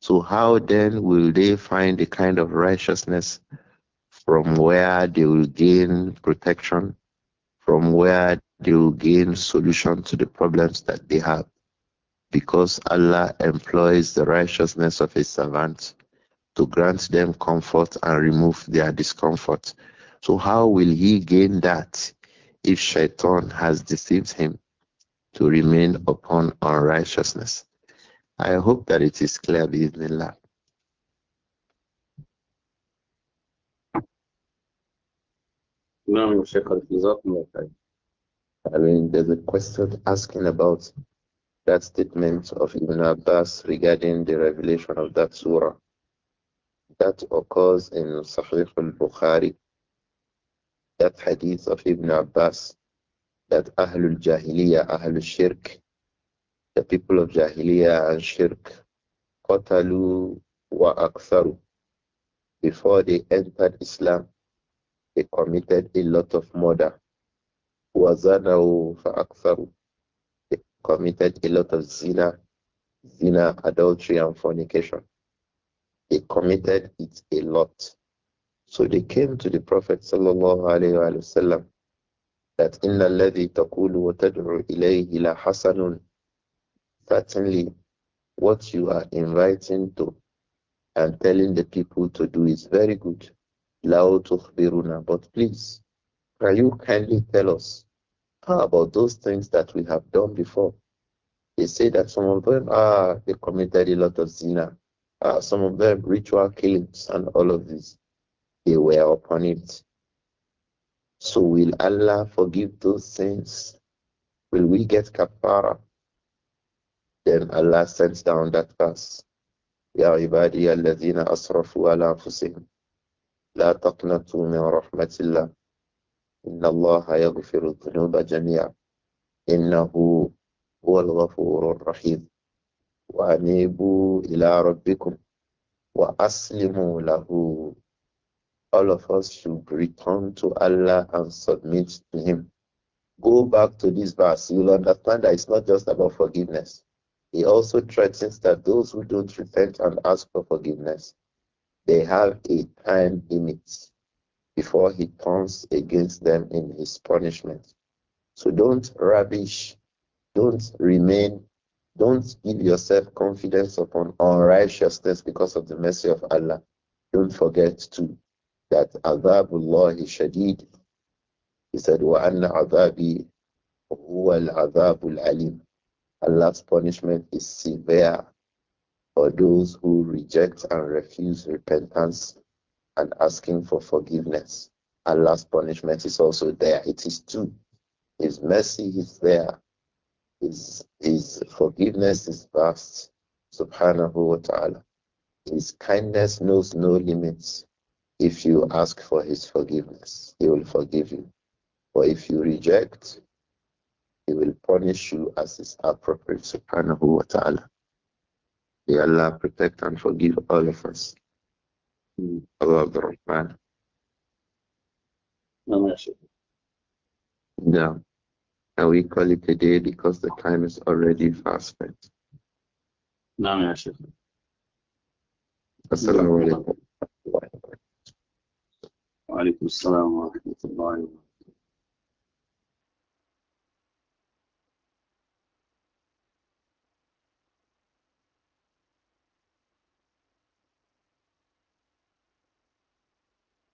So how then will they find the kind of righteousness from where they will gain protection, from where they will gain solution to the problems that they have? Because Allah employs the righteousness of His servant to grant them comfort and remove their discomfort. So how will He gain that? if shaitan has deceived him to remain upon unrighteousness. I hope that it is clear, Bismillah. No, I mean, there's a question asking about that statement of Ibn Abbas regarding the revelation of that surah. That occurs in Sahih al-Bukhari that hadith of Ibn Abbas that Ahlul Jahiliyyah, Ahlul Shirk, the people of Jahiliyyah and Shirk, Qatalu wa Aktharu. Before they entered Islam, they committed a lot of murder. Wazanahu fa Aktharu. They committed a lot of zina, zina, adultery, and fornication. They committed it a lot. So they came to the Prophet وسلم, that إِنَّ الَّذِي تَقُولُ وَتَدْعُ إِلَيْهِ لَحَسَنٌ Certainly, what you are inviting to and telling the people to do is very good. لَوْ تُخْبِرُنَا But please, can you kindly tell us how about those things that we have done before? They say that some of them are ah, they committed a lot of zina, ah, some of them ritual killings and all of this they were upon it. So will Allah forgive those sins? Will we get kapara? Then Allah sends down that verse. Ya ibadi alladhina asrafu ala anfusihim. La taqnatu min rahmatillah. Inna Allah yaghfiru dhunuba jami'a. Innahu huwa al-ghafurur all of us should return to Allah and submit to Him. Go back to this verse. You'll understand that it's not just about forgiveness. He also threatens that those who don't repent and ask for forgiveness, they have a time limit before He turns against them in His punishment. So don't rubbish, don't remain, don't give yourself confidence upon unrighteousness because of the mercy of Allah. Don't forget to that Adabullahi Shadid. He said, Wa anna هُوَ الْعَذَابُ al Allah's punishment is severe for those who reject and refuse repentance and asking for forgiveness. Allah's punishment is also there. It is too. His mercy is there. His, his forgiveness is vast. Subhanahu wa ta'ala. His kindness knows no limits. If you ask for His forgiveness, He will forgive you. But if you reject, He will punish you as is appropriate. Subhanahu wa ta'ala. May Allah protect and forgive all of us. Allah Rahman. Yeah. And we call it a day because the time is already fast spent. نعم يا شيخ وعليكم السلام ورحمه الله وبركاته